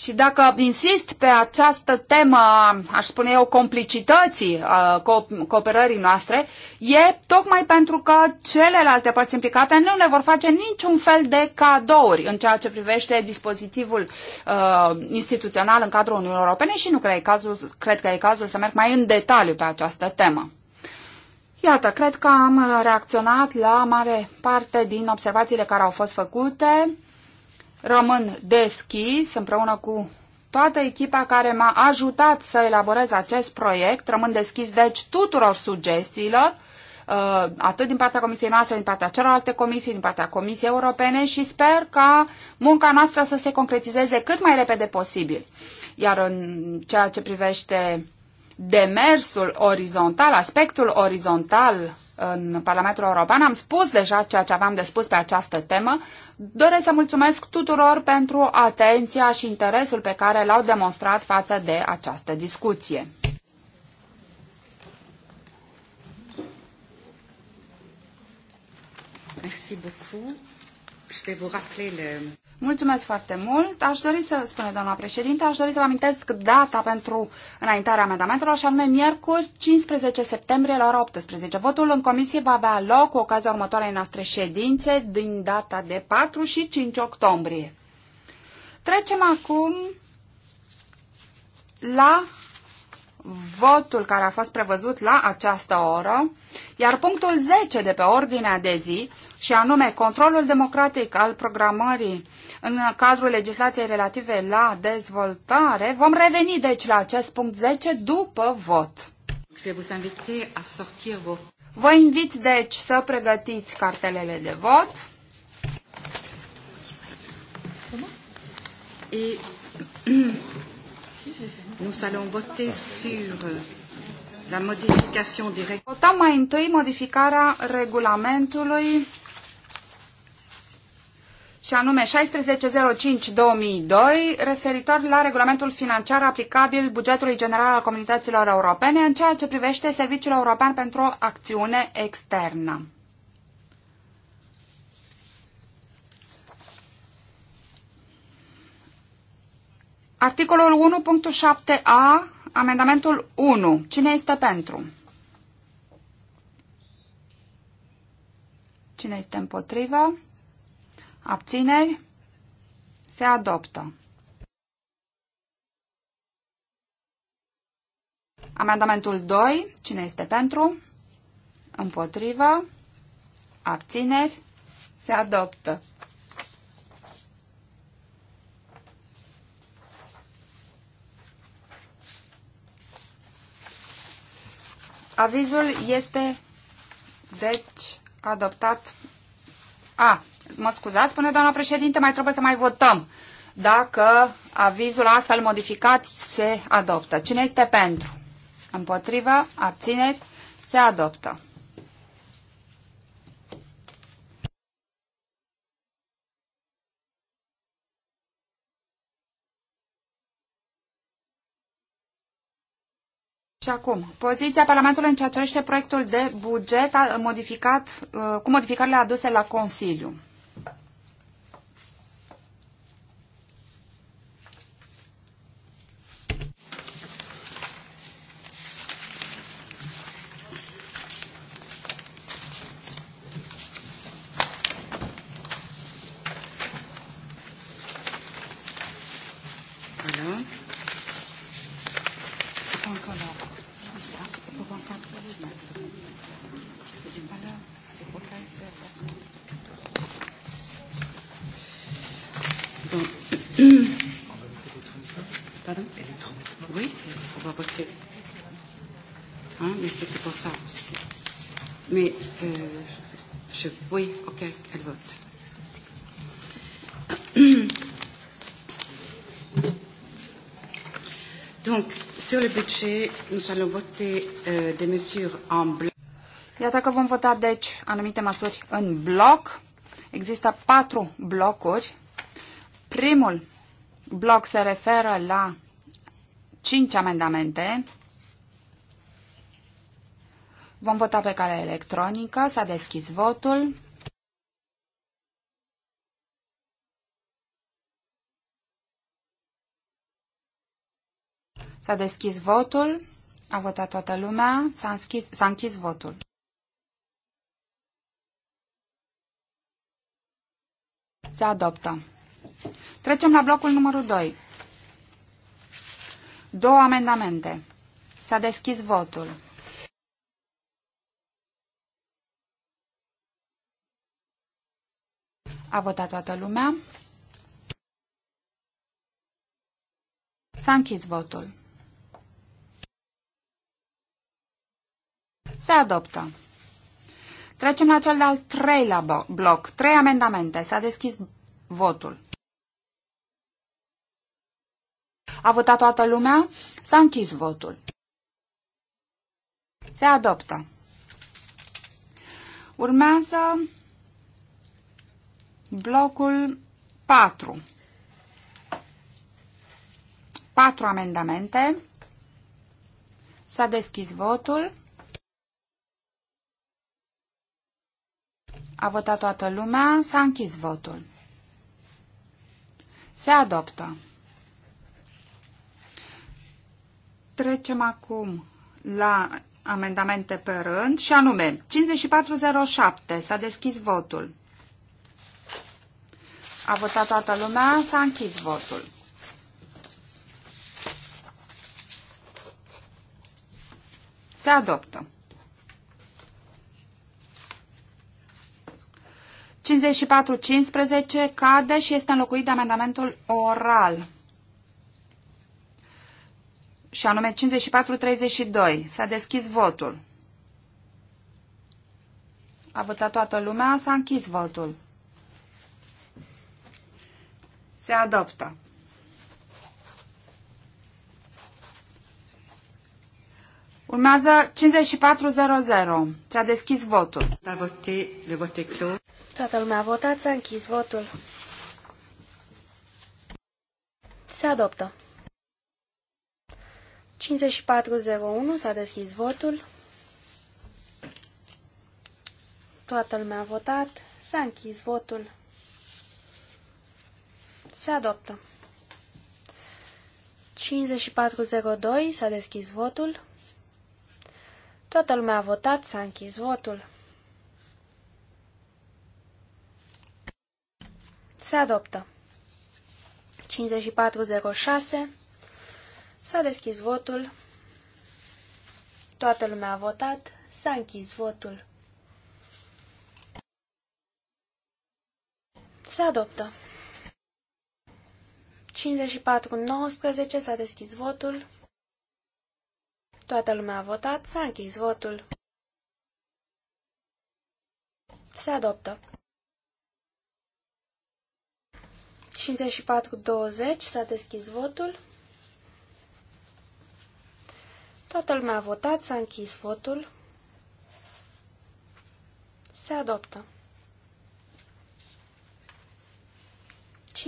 Și dacă insist pe această temă, aș spune eu, complicității uh, cooperării noastre, e tocmai pentru că celelalte părți implicate nu ne vor face niciun fel de cadouri în ceea ce privește dispozitivul uh, instituțional în cadrul Uniunii Europene și nu cred, cazul, cred că e cazul să merg mai în detaliu pe această temă. Iată, cred că am reacționat la mare parte din observațiile care au fost făcute. Rămân deschis împreună cu toată echipa care m-a ajutat să elaborez acest proiect. Rămân deschis, deci, tuturor sugestiilor, uh, atât din partea Comisiei noastre, din partea celorlalte comisii, din partea Comisiei Europene și sper ca munca noastră să se concretizeze cât mai repede posibil. Iar în ceea ce privește demersul orizontal, aspectul orizontal în Parlamentul European. Am spus deja ceea ce aveam de spus pe această temă. Doresc să mulțumesc tuturor pentru atenția și interesul pe care l-au demonstrat față de această discuție. Merci beaucoup. Je vais vous rappeler le... Mulțumesc foarte mult. Aș dori să, spune doamna președinte, aș dori să vă amintesc data pentru înaintarea amendamentelor, așa anume miercuri 15 septembrie la ora 18. Votul în comisie va avea loc cu ocazia următoarei noastre ședințe din data de 4 și 5 octombrie. Trecem acum la votul care a fost prevăzut la această oră, iar punctul 10 de pe ordinea de zi, și anume controlul democratic al programării în cadrul legislației relative la dezvoltare. Vom reveni deci la acest punct 10 după vot. Vă invit deci să pregătiți cartelele de vot. nous allons voter sur la modification directe. Votăm mai întâi modificarea regulamentului și anume 1605-2002, referitor la regulamentul financiar aplicabil bugetului general al comunităților europene în ceea ce privește Serviciul European pentru Acțiune Externă. Articolul 1.7a, amendamentul 1. Cine este pentru? Cine este împotrivă? Abțineri? Se adoptă. Amendamentul 2. Cine este pentru? Împotrivă. Abțineri. Se adoptă. Avizul este, deci, adoptat. A mă scuzați, spune doamna președinte, mai trebuie să mai votăm. Dacă avizul astfel modificat se adoptă. Cine este pentru? Împotrivă? Abțineri? Se adoptă. Și acum, poziția Parlamentului în ceea ce proiectul de buget modificat, uh, cu modificările aduse la Consiliu. c'était pour ça. Mais euh, je, oui, ok, elle vote. Donc, sur le budget, nous allons voter euh, des mesures en bloc. Iată că vom vota, deci, anumite măsuri în bloc. Există patru blocuri. Primul bloc se referă la cinci amendamente Vom vota pe cale electronică. S-a deschis votul. S-a deschis votul. A votat toată lumea. S-a închis, închis votul. Se adoptă. Trecem la blocul numărul 2. Două amendamente. S-a deschis votul. A votat toată lumea. S-a închis votul. Se adoptă. Trecem la cel de-al treilea bloc. Trei amendamente. S-a deschis votul. A votat toată lumea? S-a închis votul. Se adoptă. Urmează Blocul 4. Patru amendamente. S-a deschis votul. A votat toată lumea, s-a închis votul. Se adoptă. Trecem acum la amendamente pe rând și anume 5407. S-a deschis votul. A votat toată lumea, s-a închis votul. Se adoptă. 54-15 cade și este înlocuit de amendamentul oral. Și anume 54.32. S-a deschis votul. A votat toată lumea, s-a închis votul. Se adoptă. Urmează 5400. S-a deschis votul. A da, voté, le vote clos. Toată lumea a votat, s-a închis votul. Se adoptă. 5401 s-a deschis votul. Toată lumea a votat, s-a închis votul. Se adoptă. 5402 s-a deschis votul. Toată lumea a votat, s-a închis votul. Se adoptă. 5406 s-a deschis votul. Toată lumea a votat, s-a închis votul. Se adoptă. 54-19 s-a deschis votul. Toată lumea a votat, s-a închis votul. Se adoptă. 54-20 s-a deschis votul. Toată lumea a votat, s-a închis votul. Se adoptă. 54-21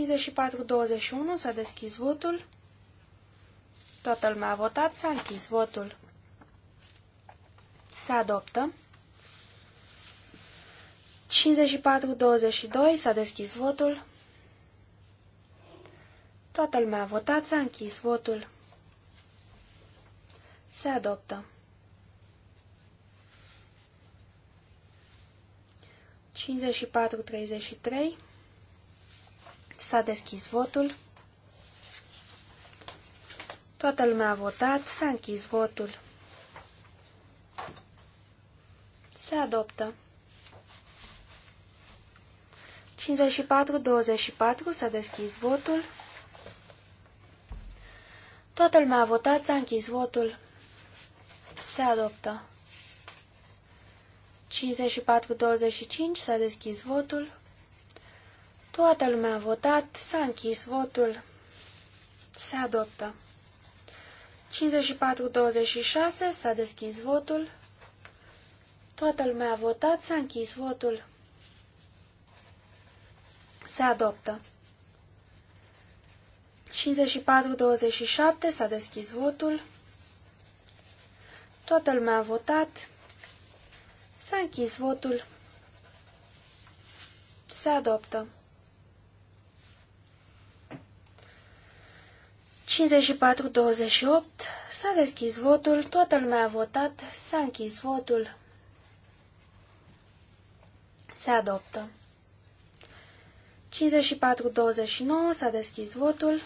s-a deschis votul. Toată lumea a votat, s-a închis votul. Se adoptă. 54-22 s-a deschis votul. Toată lumea a votat, s-a închis votul. Se adoptă. 54-33 S-a deschis votul. Toată lumea a votat, s-a închis votul. Se adoptă. 54-24 s-a deschis votul. Toată lumea a votat, s-a închis votul. Se adoptă. 54-25 s-a deschis votul. Toată lumea a votat, s-a închis votul, se adoptă. 54-26 s-a deschis votul, toată lumea a votat, s-a închis votul, se adoptă. 54-27 s-a deschis votul, toată lumea a votat, s-a închis votul, se adoptă. 54-28, s-a deschis votul, toată lumea a votat, s-a închis votul, se adoptă. 54-29, s-a deschis votul,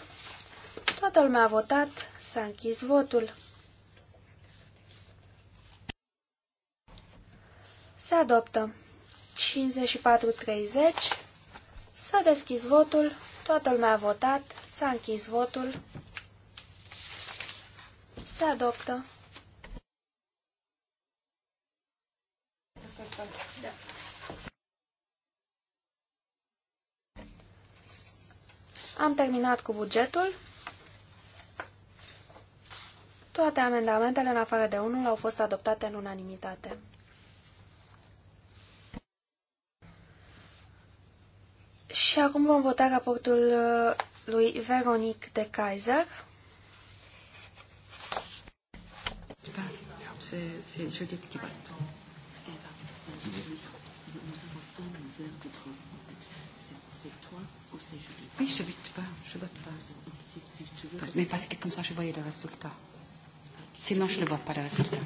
toată lumea a votat, s-a închis votul. Se adoptă. 54-30, s-a deschis votul, toată lumea a votat, s-a închis votul. Se adoptă. Am terminat cu bugetul. Toate amendamentele, în afară de unul, au fost adoptate în unanimitate. Și acum vom vota raportul uh, lui Veronic de Kaiser. c'est Judith qui vote. Oui, je vote pas, je vote pas. Mais parce que comme ça, je voyais le résultat. Sinon, je ne vois pas le résultat.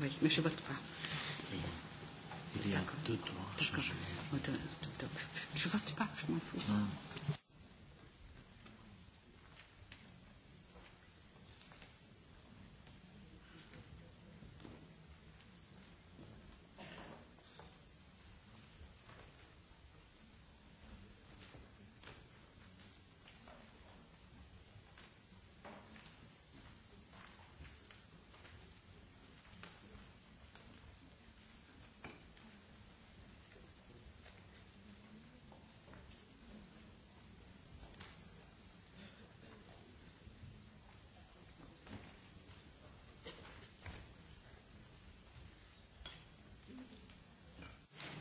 Oui, mais je vote pas. Il y a deux, trois changements. Je vote pas, je m'en fous. Ah.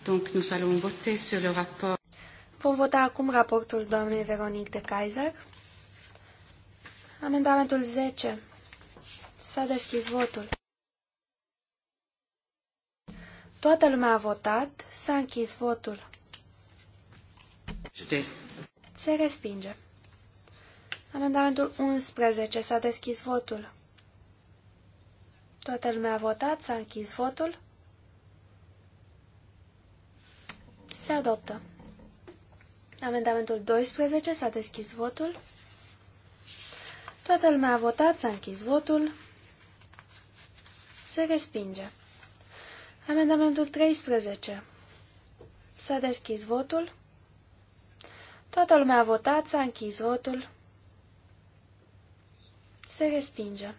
Donc nous allons voter sur le rapport. Vom vota acum raportul doamnei Veronique de Kaiser. Amendamentul 10. S-a deschis votul. Toată lumea a votat, s-a închis votul. Se respinge. Amendamentul 11. S-a deschis votul. Toată lumea a votat, s-a închis votul. Se adoptă. Amendamentul 12. S-a deschis votul. Toată lumea a votat, s-a închis votul. Se respinge. Amendamentul 13. S-a deschis votul. Toată lumea a votat, s-a închis votul. Se respinge.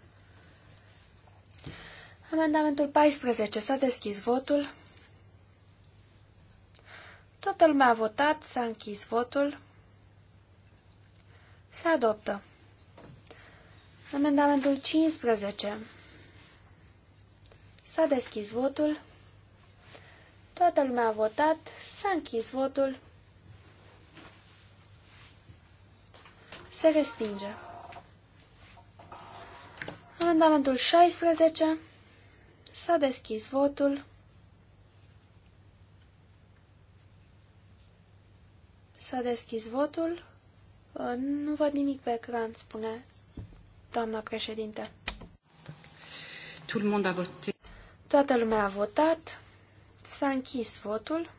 Amendamentul 14. S-a deschis votul. Toată lumea a votat, s-a închis votul. Se adoptă. Amendamentul 15. S-a deschis votul. Toată lumea a votat, s-a închis votul. Se respinge. Amendamentul 16. S-a deschis votul. S-a deschis votul. Uh, nu văd nimic pe ecran, spune doamna președinte. Toată lumea a votat. S-a închis votul.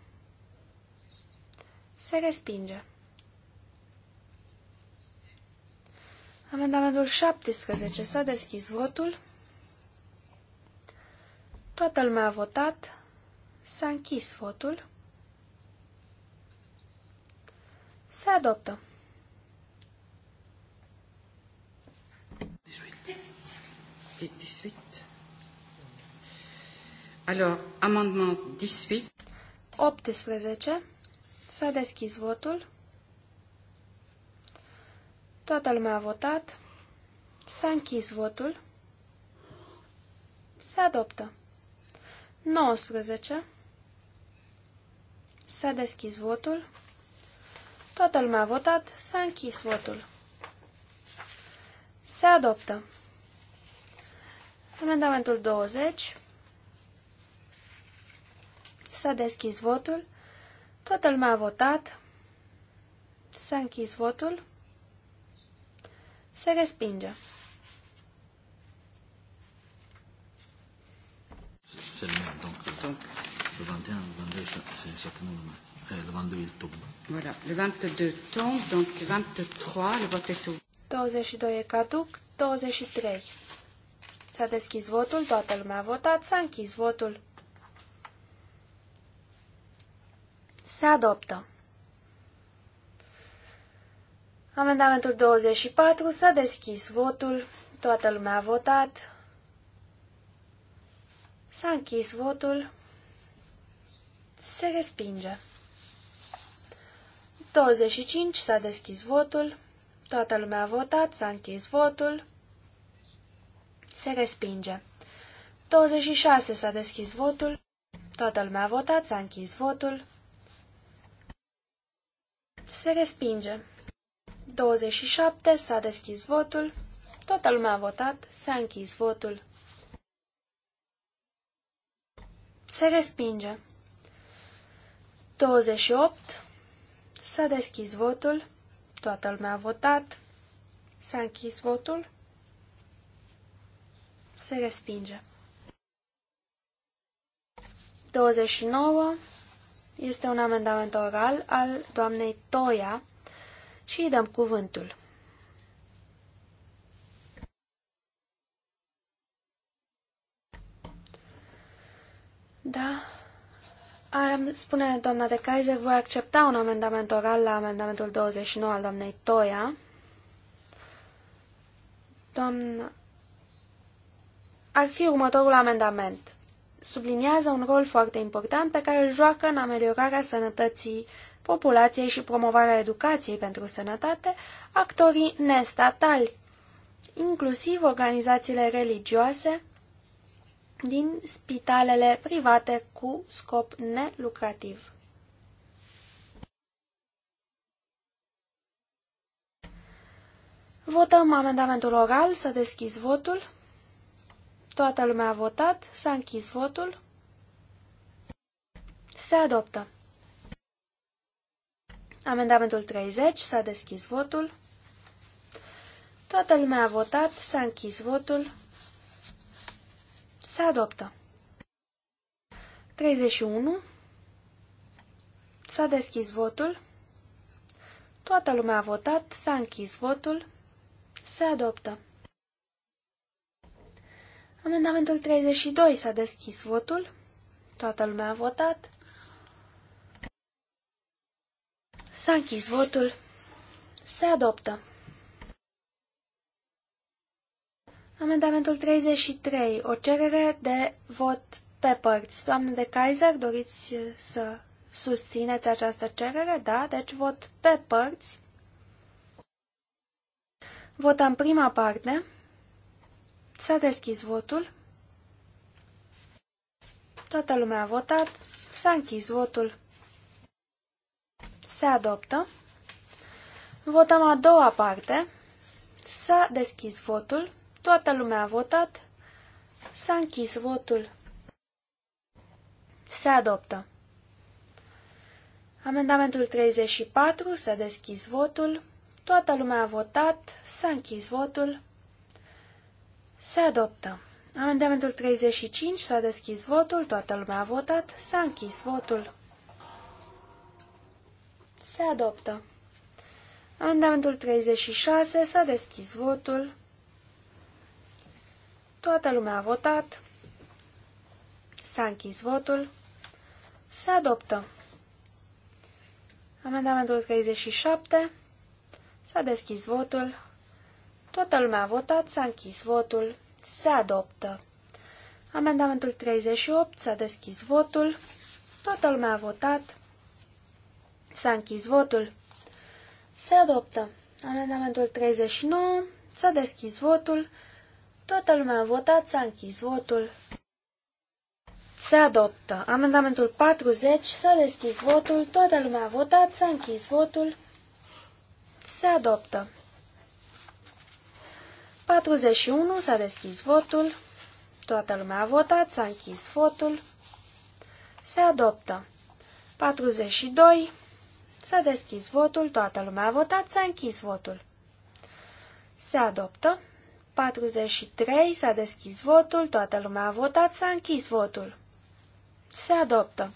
Se respinge. Amendamentul 17. S-a deschis votul. Toată lumea a votat. S-a închis votul. Se adoptă. Alors, amendement 18. 18. S-a deschis votul. Toată lumea a votat. S-a închis votul. Se adoptă. 19. S-a deschis votul. Toată lumea a votat, s-a închis votul. Se adoptă. Amendamentul 20. S-a deschis votul. Toată lumea a votat. S-a închis votul. Se respinge. C'est le même, donc, donc le 21, le 22, ça, ça, ça prend le même. Euh, le 22 il Voilà, le 22 tombe, donc 23, le vote est ouvert. 22 e caduc, 23. S-a deschis votul, toată lumea a votat, s-a închis votul. Se adoptă. Amendamentul 24 s-a deschis votul, toată lumea a votat, s-a închis votul, se respinge. 25 s-a deschis votul. Toată lumea a votat, s-a închis votul. Se respinge. 26 s-a deschis votul. Toată lumea a votat, s-a închis votul. Se respinge. 27 s-a deschis votul. Toată lumea a votat, s-a închis votul. Se respinge. 28 S-a deschis votul. Toată lumea a votat. S-a închis votul. Se respinge. 29 este un amendament oral al doamnei Toia și îi dăm cuvântul. Da, spune doamna de Kaiser, voi accepta un amendament oral la amendamentul 29 al doamnei Toia. Doamna... Ar fi următorul amendament. Subliniază un rol foarte important pe care îl joacă în ameliorarea sănătății populației și promovarea educației pentru sănătate actorii nestatali, inclusiv organizațiile religioase, din spitalele private cu scop nelucrativ. Votăm amendamentul oral, să deschis votul. Toată lumea a votat, s-a închis votul. Se adoptă. Amendamentul 30, s-a deschis votul. Toată lumea a votat, s-a închis votul. Se adoptă. 31. S-a deschis votul. Toată lumea a votat, s-a închis votul. Se adoptă. Amendamentul 32 s-a deschis votul. Toată lumea a votat. S-a închis votul. Se adoptă. Amendamentul 33. O cerere de vot pe părți. Doamne de Kaiser, doriți uh, să susțineți această cerere? Da, deci vot pe părți. Votăm prima parte. S-a deschis votul. Toată lumea a votat. S-a închis votul. Se adoptă. Votăm a doua parte. S-a deschis votul. Toată lumea a votat. S-a închis votul. Se adoptă. Amendamentul 34. S-a deschis votul. Toată lumea a votat. S-a închis votul. Se adoptă. Amendamentul 35. S-a deschis votul. Toată lumea a votat. S-a închis votul. Se adoptă. Amendamentul 36. S-a deschis votul. Toată lumea a votat. S-a închis votul. Se adoptă. Amendamentul 37. S-a deschis votul. Toată lumea a votat. S-a închis votul. Se adoptă. Amendamentul 38. S-a deschis votul. Toată lumea a votat. S-a închis votul. Se adoptă. Amendamentul 39. S-a deschis votul. Toată lumea a votat, s-a închis votul. Se adoptă. Amendamentul 40, s-a deschis votul, toată lumea a votat, s-a închis votul. Se adoptă. 41, s-a deschis votul, toată lumea a votat, s-a închis votul. Se adoptă. 42, s-a deschis votul, toată lumea a votat, s-a închis votul. Se adoptă. 43 s-a deschis votul, toată lumea a votat, s-a închis votul. Se adoptă.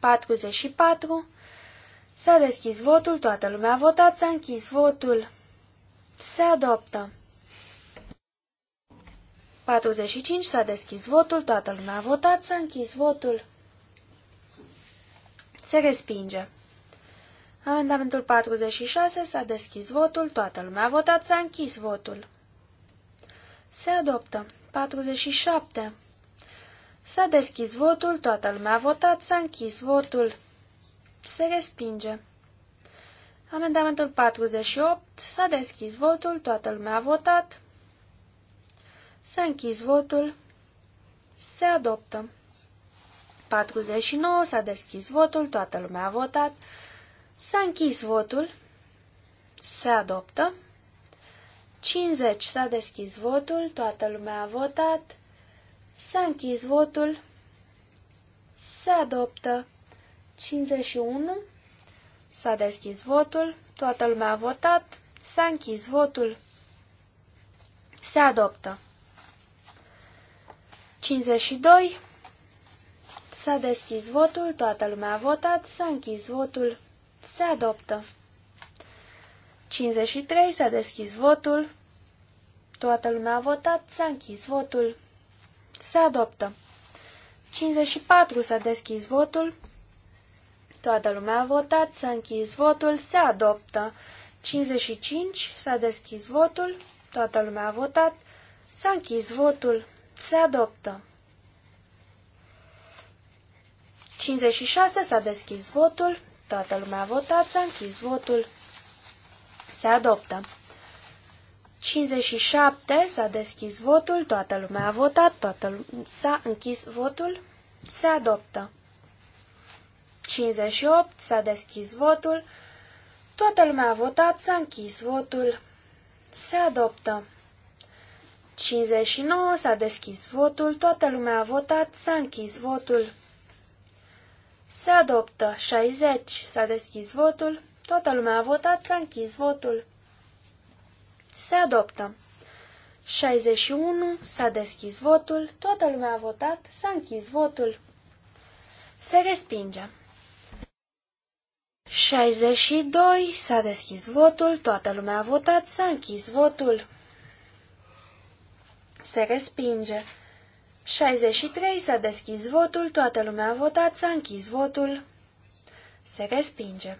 44 s-a deschis votul, toată lumea a votat, s-a închis votul. Se adoptă. 45 s-a deschis votul, toată lumea a votat, s-a închis votul. Se respinge. Amendamentul 46 s-a deschis votul, toată lumea a votat, s-a închis votul. Se adoptă. 47. S-a deschis votul, toată lumea a votat, s-a închis votul. Se respinge. Amendamentul 48. S-a deschis votul, toată lumea a votat. S-a închis votul. Se adoptă. 49. S-a deschis votul, toată lumea a votat. S-a închis votul. Se adoptă. 50. S-a deschis votul, toată lumea a votat, s-a închis votul, se adoptă. 51. S-a deschis votul, toată lumea a votat, s-a închis votul, se adoptă. 52. S-a deschis votul, toată lumea a votat, s-a închis votul, se adoptă. 53 s-a deschis votul. Toată lumea a votat, s-a închis votul. Se adoptă. 54 s-a deschis votul. Toată lumea a votat, s-a închis votul, se adoptă. 55 s-a deschis votul. Toată lumea a votat, s-a închis votul, se adoptă. 56 s-a deschis votul. Toată lumea a votat, s-a închis votul, se adoptă. 57. S-a deschis votul. Toată lumea a votat. Toată lumea s-a închis votul. Se adoptă. 58. S-a deschis votul. Toată lumea a votat. S-a închis votul. Se adoptă. 59. S-a deschis votul. Toată lumea a votat. S-a închis votul. Se adoptă. 60. S-a deschis votul. Toată lumea a votat, s-a închis votul. Se adoptă. 61. S-a deschis votul, toată lumea a votat, s-a închis votul. Se respinge. 62. S-a deschis votul, toată lumea a votat, s-a închis votul. Se respinge. 63. S-a deschis votul, toată lumea a votat, s-a închis votul. Se respinge.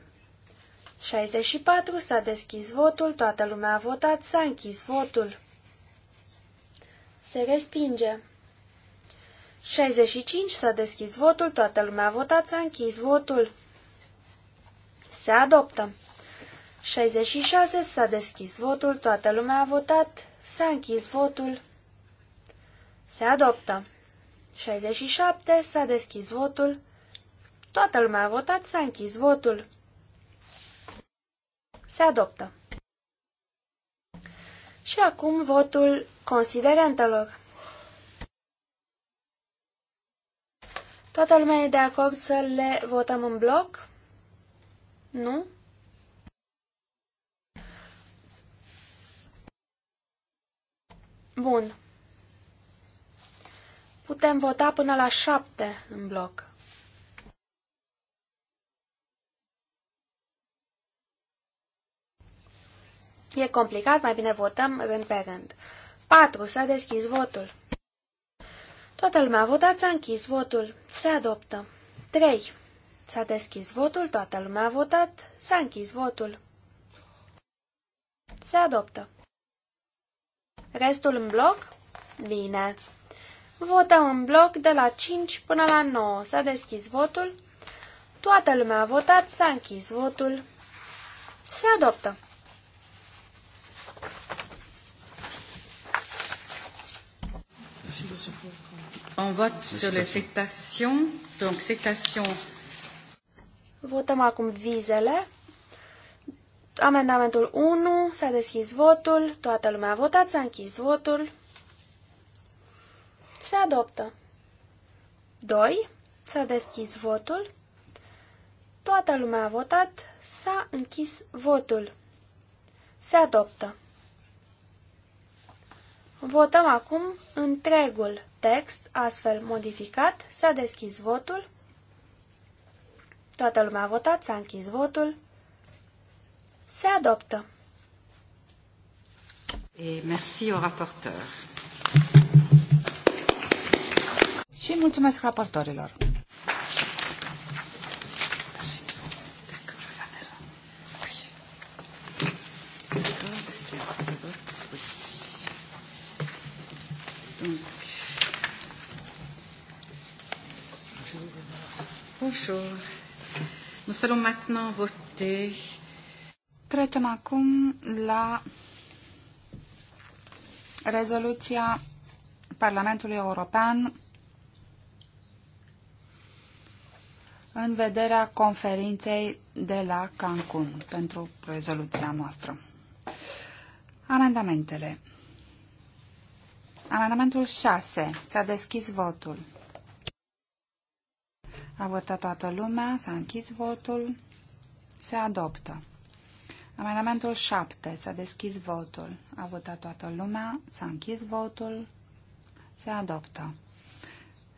64 s-a deschis votul, toată lumea a votat, s-a închis votul. Se respinge. 65 s-a deschis votul, toată lumea a votat, s-a închis votul. Se adoptă. 66 s-a deschis votul, toată lumea a votat, s-a închis votul. Se adoptă. 67 s-a deschis votul, toată lumea a votat, s-a închis votul. Se adoptă. Și acum votul considerentelor. Toată lumea e de acord să le votăm în bloc? Nu? Bun. Putem vota până la șapte în bloc. E complicat, mai bine votăm rând pe rând. 4. S-a deschis votul. Toată lumea a votat, s-a închis votul. Se adoptă. 3. S-a deschis votul, toată lumea a votat, s-a închis votul. Se adoptă. Restul în bloc? Bine. Votăm în bloc de la 5 până la 9. S-a deschis votul. Toată lumea a votat, s-a închis votul. Se adoptă. On vote sur les sectations. Donc, Votăm acum vizele. Amendamentul 1, s-a deschis votul, toată lumea a votat, s-a închis votul. Se adoptă. 2, s-a deschis votul, toată lumea a votat, s-a închis votul. Se adoptă. Votăm acum întregul text astfel modificat. S-a deschis votul. Toată lumea a votat, s-a închis votul. Se adoptă. Et merci au raporteur. Și mulțumesc raportorilor. Nous maintenant voter. Trecem acum la rezoluția Parlamentului European în vederea conferinței de la Cancun pentru rezoluția noastră. Amendamentele. Amendamentul 6. S-a deschis votul. A votat toată lumea, s-a închis votul, se adoptă. Amendamentul 7. S-a deschis votul. A votat toată lumea, s-a închis votul, se adoptă.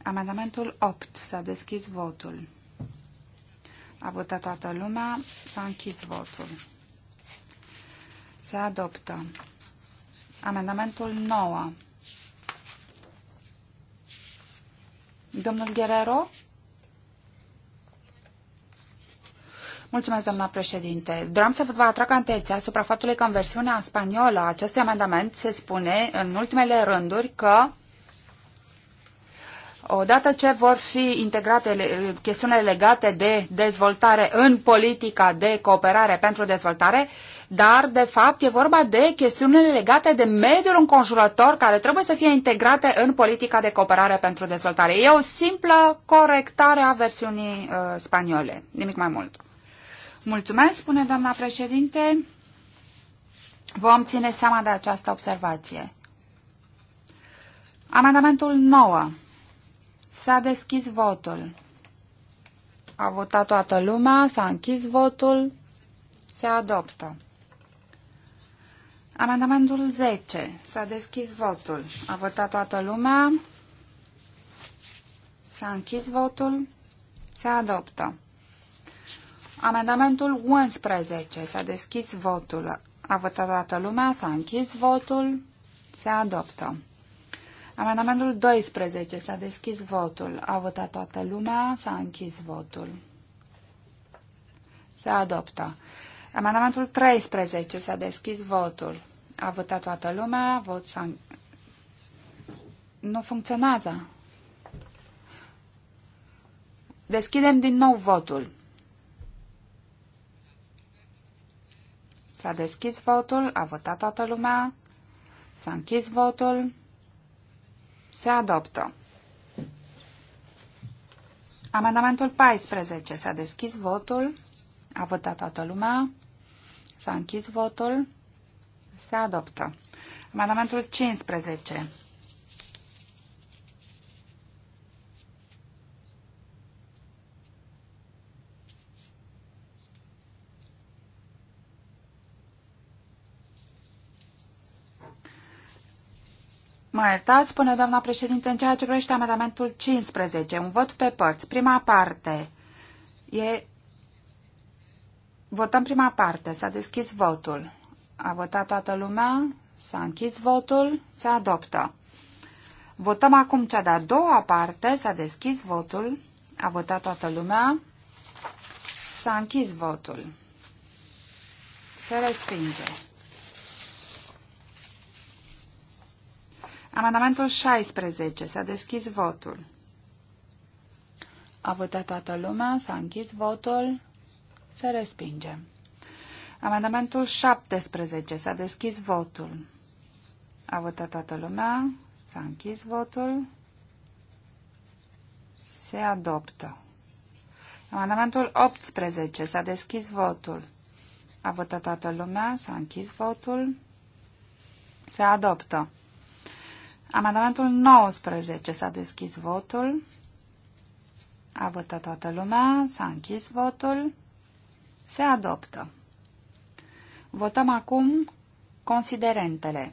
Amendamentul 8. S-a deschis votul. A votat toată lumea, s-a închis votul. Se adoptă. Amendamentul 9. Domnul Guerrero? Mulțumesc, doamna președinte. Doream să vă atrag atenția asupra faptului că în versiunea spaniolă a acestui amendament se spune în ultimele rânduri că Odată ce vor fi integrate chestiunile legate de dezvoltare în politica de cooperare pentru dezvoltare, dar de fapt e vorba de chestiunile legate de mediul înconjurător care trebuie să fie integrate în politica de cooperare pentru dezvoltare. E o simplă corectare a versiunii uh, spaniole, nimic mai mult. Mulțumesc, spune doamna președinte. Vom ține seama de această observație. Amendamentul 9. S-a deschis votul. A votat toată lumea, s-a închis votul, se adoptă. Amendamentul 10. S-a deschis votul. A votat toată lumea. S-a închis votul. Se adoptă. Amendamentul 11. S-a deschis votul. A votat toată lumea, s-a închis votul, se adoptă. Amendamentul 12. S-a deschis votul. A votat toată lumea, s-a închis votul. Se adoptă. Amendamentul 13. S-a deschis votul. A votat toată lumea, vot s-a... Nu funcționează. Deschidem din nou votul. S-a deschis votul, a votat toată lumea, s-a închis votul, se adoptă. Amendamentul 14. S-a deschis votul, a votat toată lumea, s-a închis votul, se adoptă. Amendamentul 15. Mă iertați, spune doamna președinte, în ceea ce privește amendamentul 15, un vot pe părți. Prima parte e... Votăm prima parte, s-a deschis votul. A votat toată lumea, s-a închis votul, se adoptă. Votăm acum cea de-a doua parte, s-a deschis votul, a votat toată lumea, s-a închis votul. Se respinge. Amendamentul 16. S-a deschis votul. A votat toată lumea, s-a închis votul, se respinge. Amendamentul 17. S-a deschis votul. A votat toată lumea, s-a închis votul, se adoptă. Amendamentul 18. S-a deschis votul. A votat toată lumea, s-a închis votul, se adoptă. Amendamentul 19. S-a deschis votul. A votat toată lumea. S-a închis votul. Se adoptă. Votăm acum considerentele.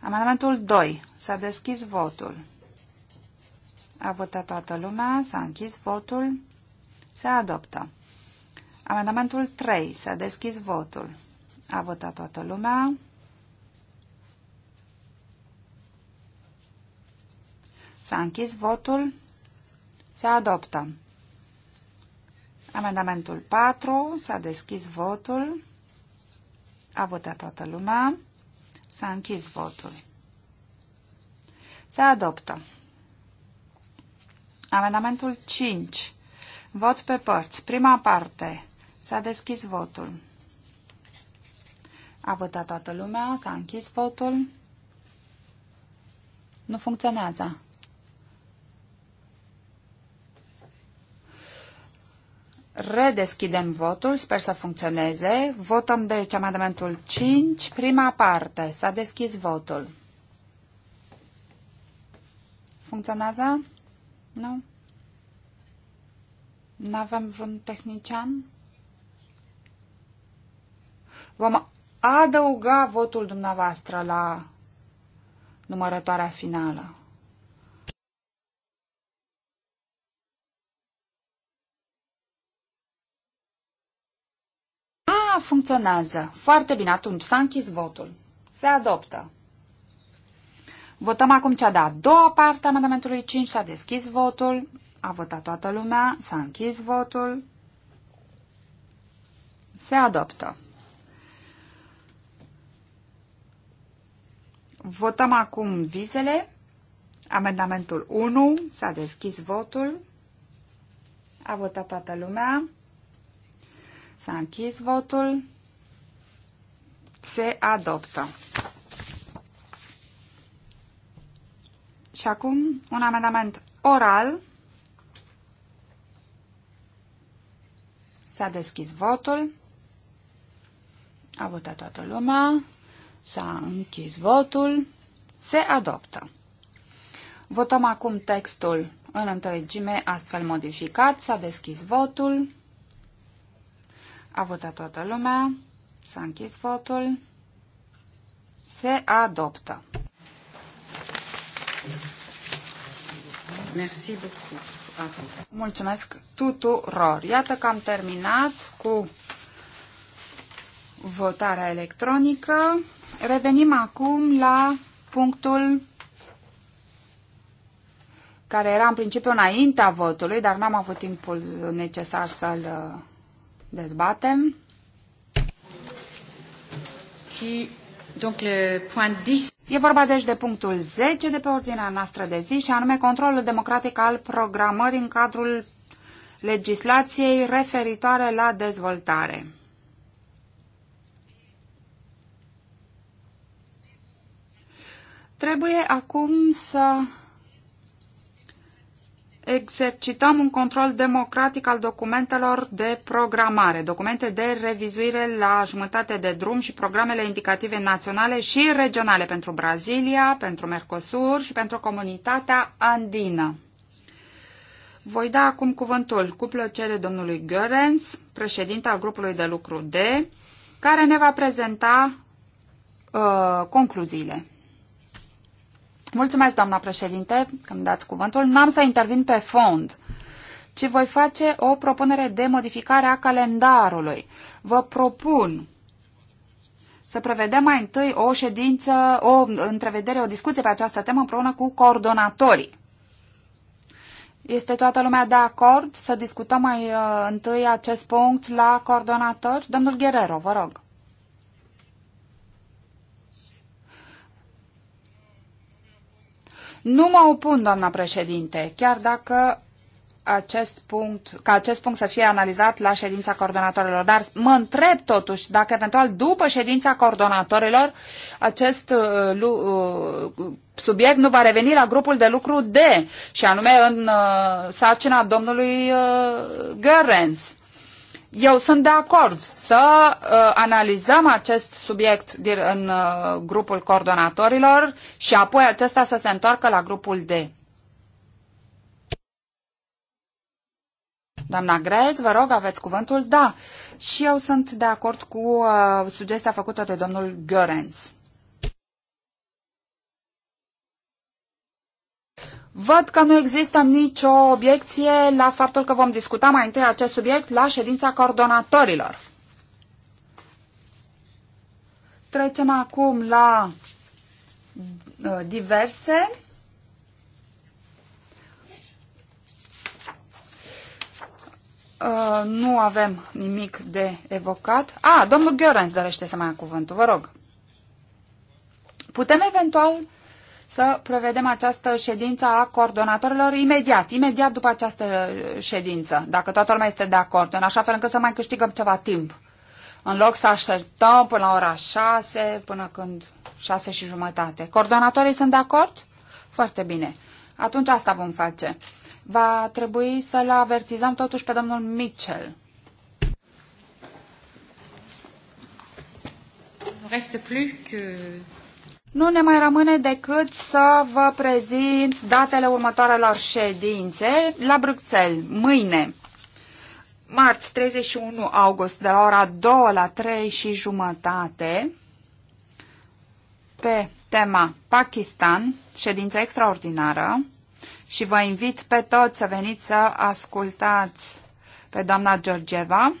Amendamentul 2. S-a deschis votul. A votat toată lumea. S-a închis votul. Se adoptă. Amendamentul 3. S-a deschis votul. A votat toată lumea. S-a închis votul. Se adoptă. Amendamentul 4. S-a deschis votul. A votat toată lumea. S-a închis votul. Se adoptă. Amendamentul 5. Vot pe părți. Prima parte. S-a deschis votul. A votat toată lumea. S-a închis votul. Nu funcționează. Redeschidem votul, sper să funcționeze. Votăm deci amendamentul 5, prima parte. S-a deschis votul. Funcționează? Nu? Nu avem vreun tehnician? Vom adăuga votul dumneavoastră la numărătoarea finală. funcționează. Foarte bine. Atunci s-a închis votul. Se adoptă. Votăm acum cea de-a doua parte a amendamentului 5. S-a deschis votul. A votat toată lumea. S-a închis votul. Se adoptă. Votăm acum vizele. Amendamentul 1. S-a deschis votul. A votat toată lumea. S-a închis votul. Se adoptă. Și acum un amendament oral. S-a deschis votul. A votat toată lumea. S-a închis votul. Se adoptă. Votăm acum textul în întregime astfel modificat. S-a deschis votul. A votat toată lumea. S-a închis votul. Se adoptă. Merci beaucoup. Mulțumesc tuturor. Iată că am terminat cu votarea electronică. Revenim acum la punctul care era în principiu înaintea votului, dar n-am avut timpul necesar să-l dezbatem. Și, donc le point 10. E vorba deci de punctul 10 de pe ordinea noastră de zi și anume controlul democratic al programării în cadrul legislației referitoare la dezvoltare. Trebuie acum să exercităm un control democratic al documentelor de programare, documente de revizuire la jumătate de drum și programele indicative naționale și regionale pentru Brazilia, pentru Mercosur și pentru comunitatea andină. Voi da acum cuvântul cu plăcere domnului Görens, președinte al grupului de lucru D, care ne va prezenta uh, concluziile. Mulțumesc, doamna președinte, că îmi dați cuvântul. N-am să intervin pe fond, ci voi face o propunere de modificare a calendarului. Vă propun să prevedem mai întâi o ședință, o întrevedere, o discuție pe această temă împreună cu coordonatorii. Este toată lumea de acord să discutăm mai uh, întâi acest punct la coordonator? Domnul Guerrero, vă rog. Nu mă opun, doamna președinte, chiar dacă acest punct, ca acest punct să fie analizat la ședința coordonatorilor. Dar mă întreb totuși dacă eventual după ședința coordonatorilor acest uh, uh, subiect nu va reveni la grupul de lucru D și anume în uh, sarcina domnului uh, Görens. Eu sunt de acord să uh, analizăm acest subiect din, în uh, grupul coordonatorilor și apoi acesta să se întoarcă la grupul D. Doamna Grez, vă rog, aveți cuvântul? Da. Și eu sunt de acord cu uh, sugestia făcută de domnul Görens. Văd că nu există nicio obiecție la faptul că vom discuta mai întâi acest subiect la ședința coordonatorilor. Trecem acum la uh, diverse. Uh, nu avem nimic de evocat. A, ah, domnul Gheorens dorește să mai ia cuvântul, vă rog. Putem eventual să prevedem această ședință a coordonatorilor imediat, imediat după această ședință, dacă toată lumea este de acord, în așa fel încât să mai câștigăm ceva timp. În loc să așteptăm până la ora 6, până când 6 și jumătate. Coordonatorii sunt de acord? Foarte bine. Atunci asta vom face. Va trebui să-l avertizăm totuși pe domnul Mitchell. Reste plus que nu ne mai rămâne decât să vă prezint datele următoarelor ședințe la Bruxelles, mâine, marți 31 august, de la ora 2 la 3 și jumătate, pe tema Pakistan, ședință extraordinară, și vă invit pe toți să veniți să ascultați pe doamna Georgeva,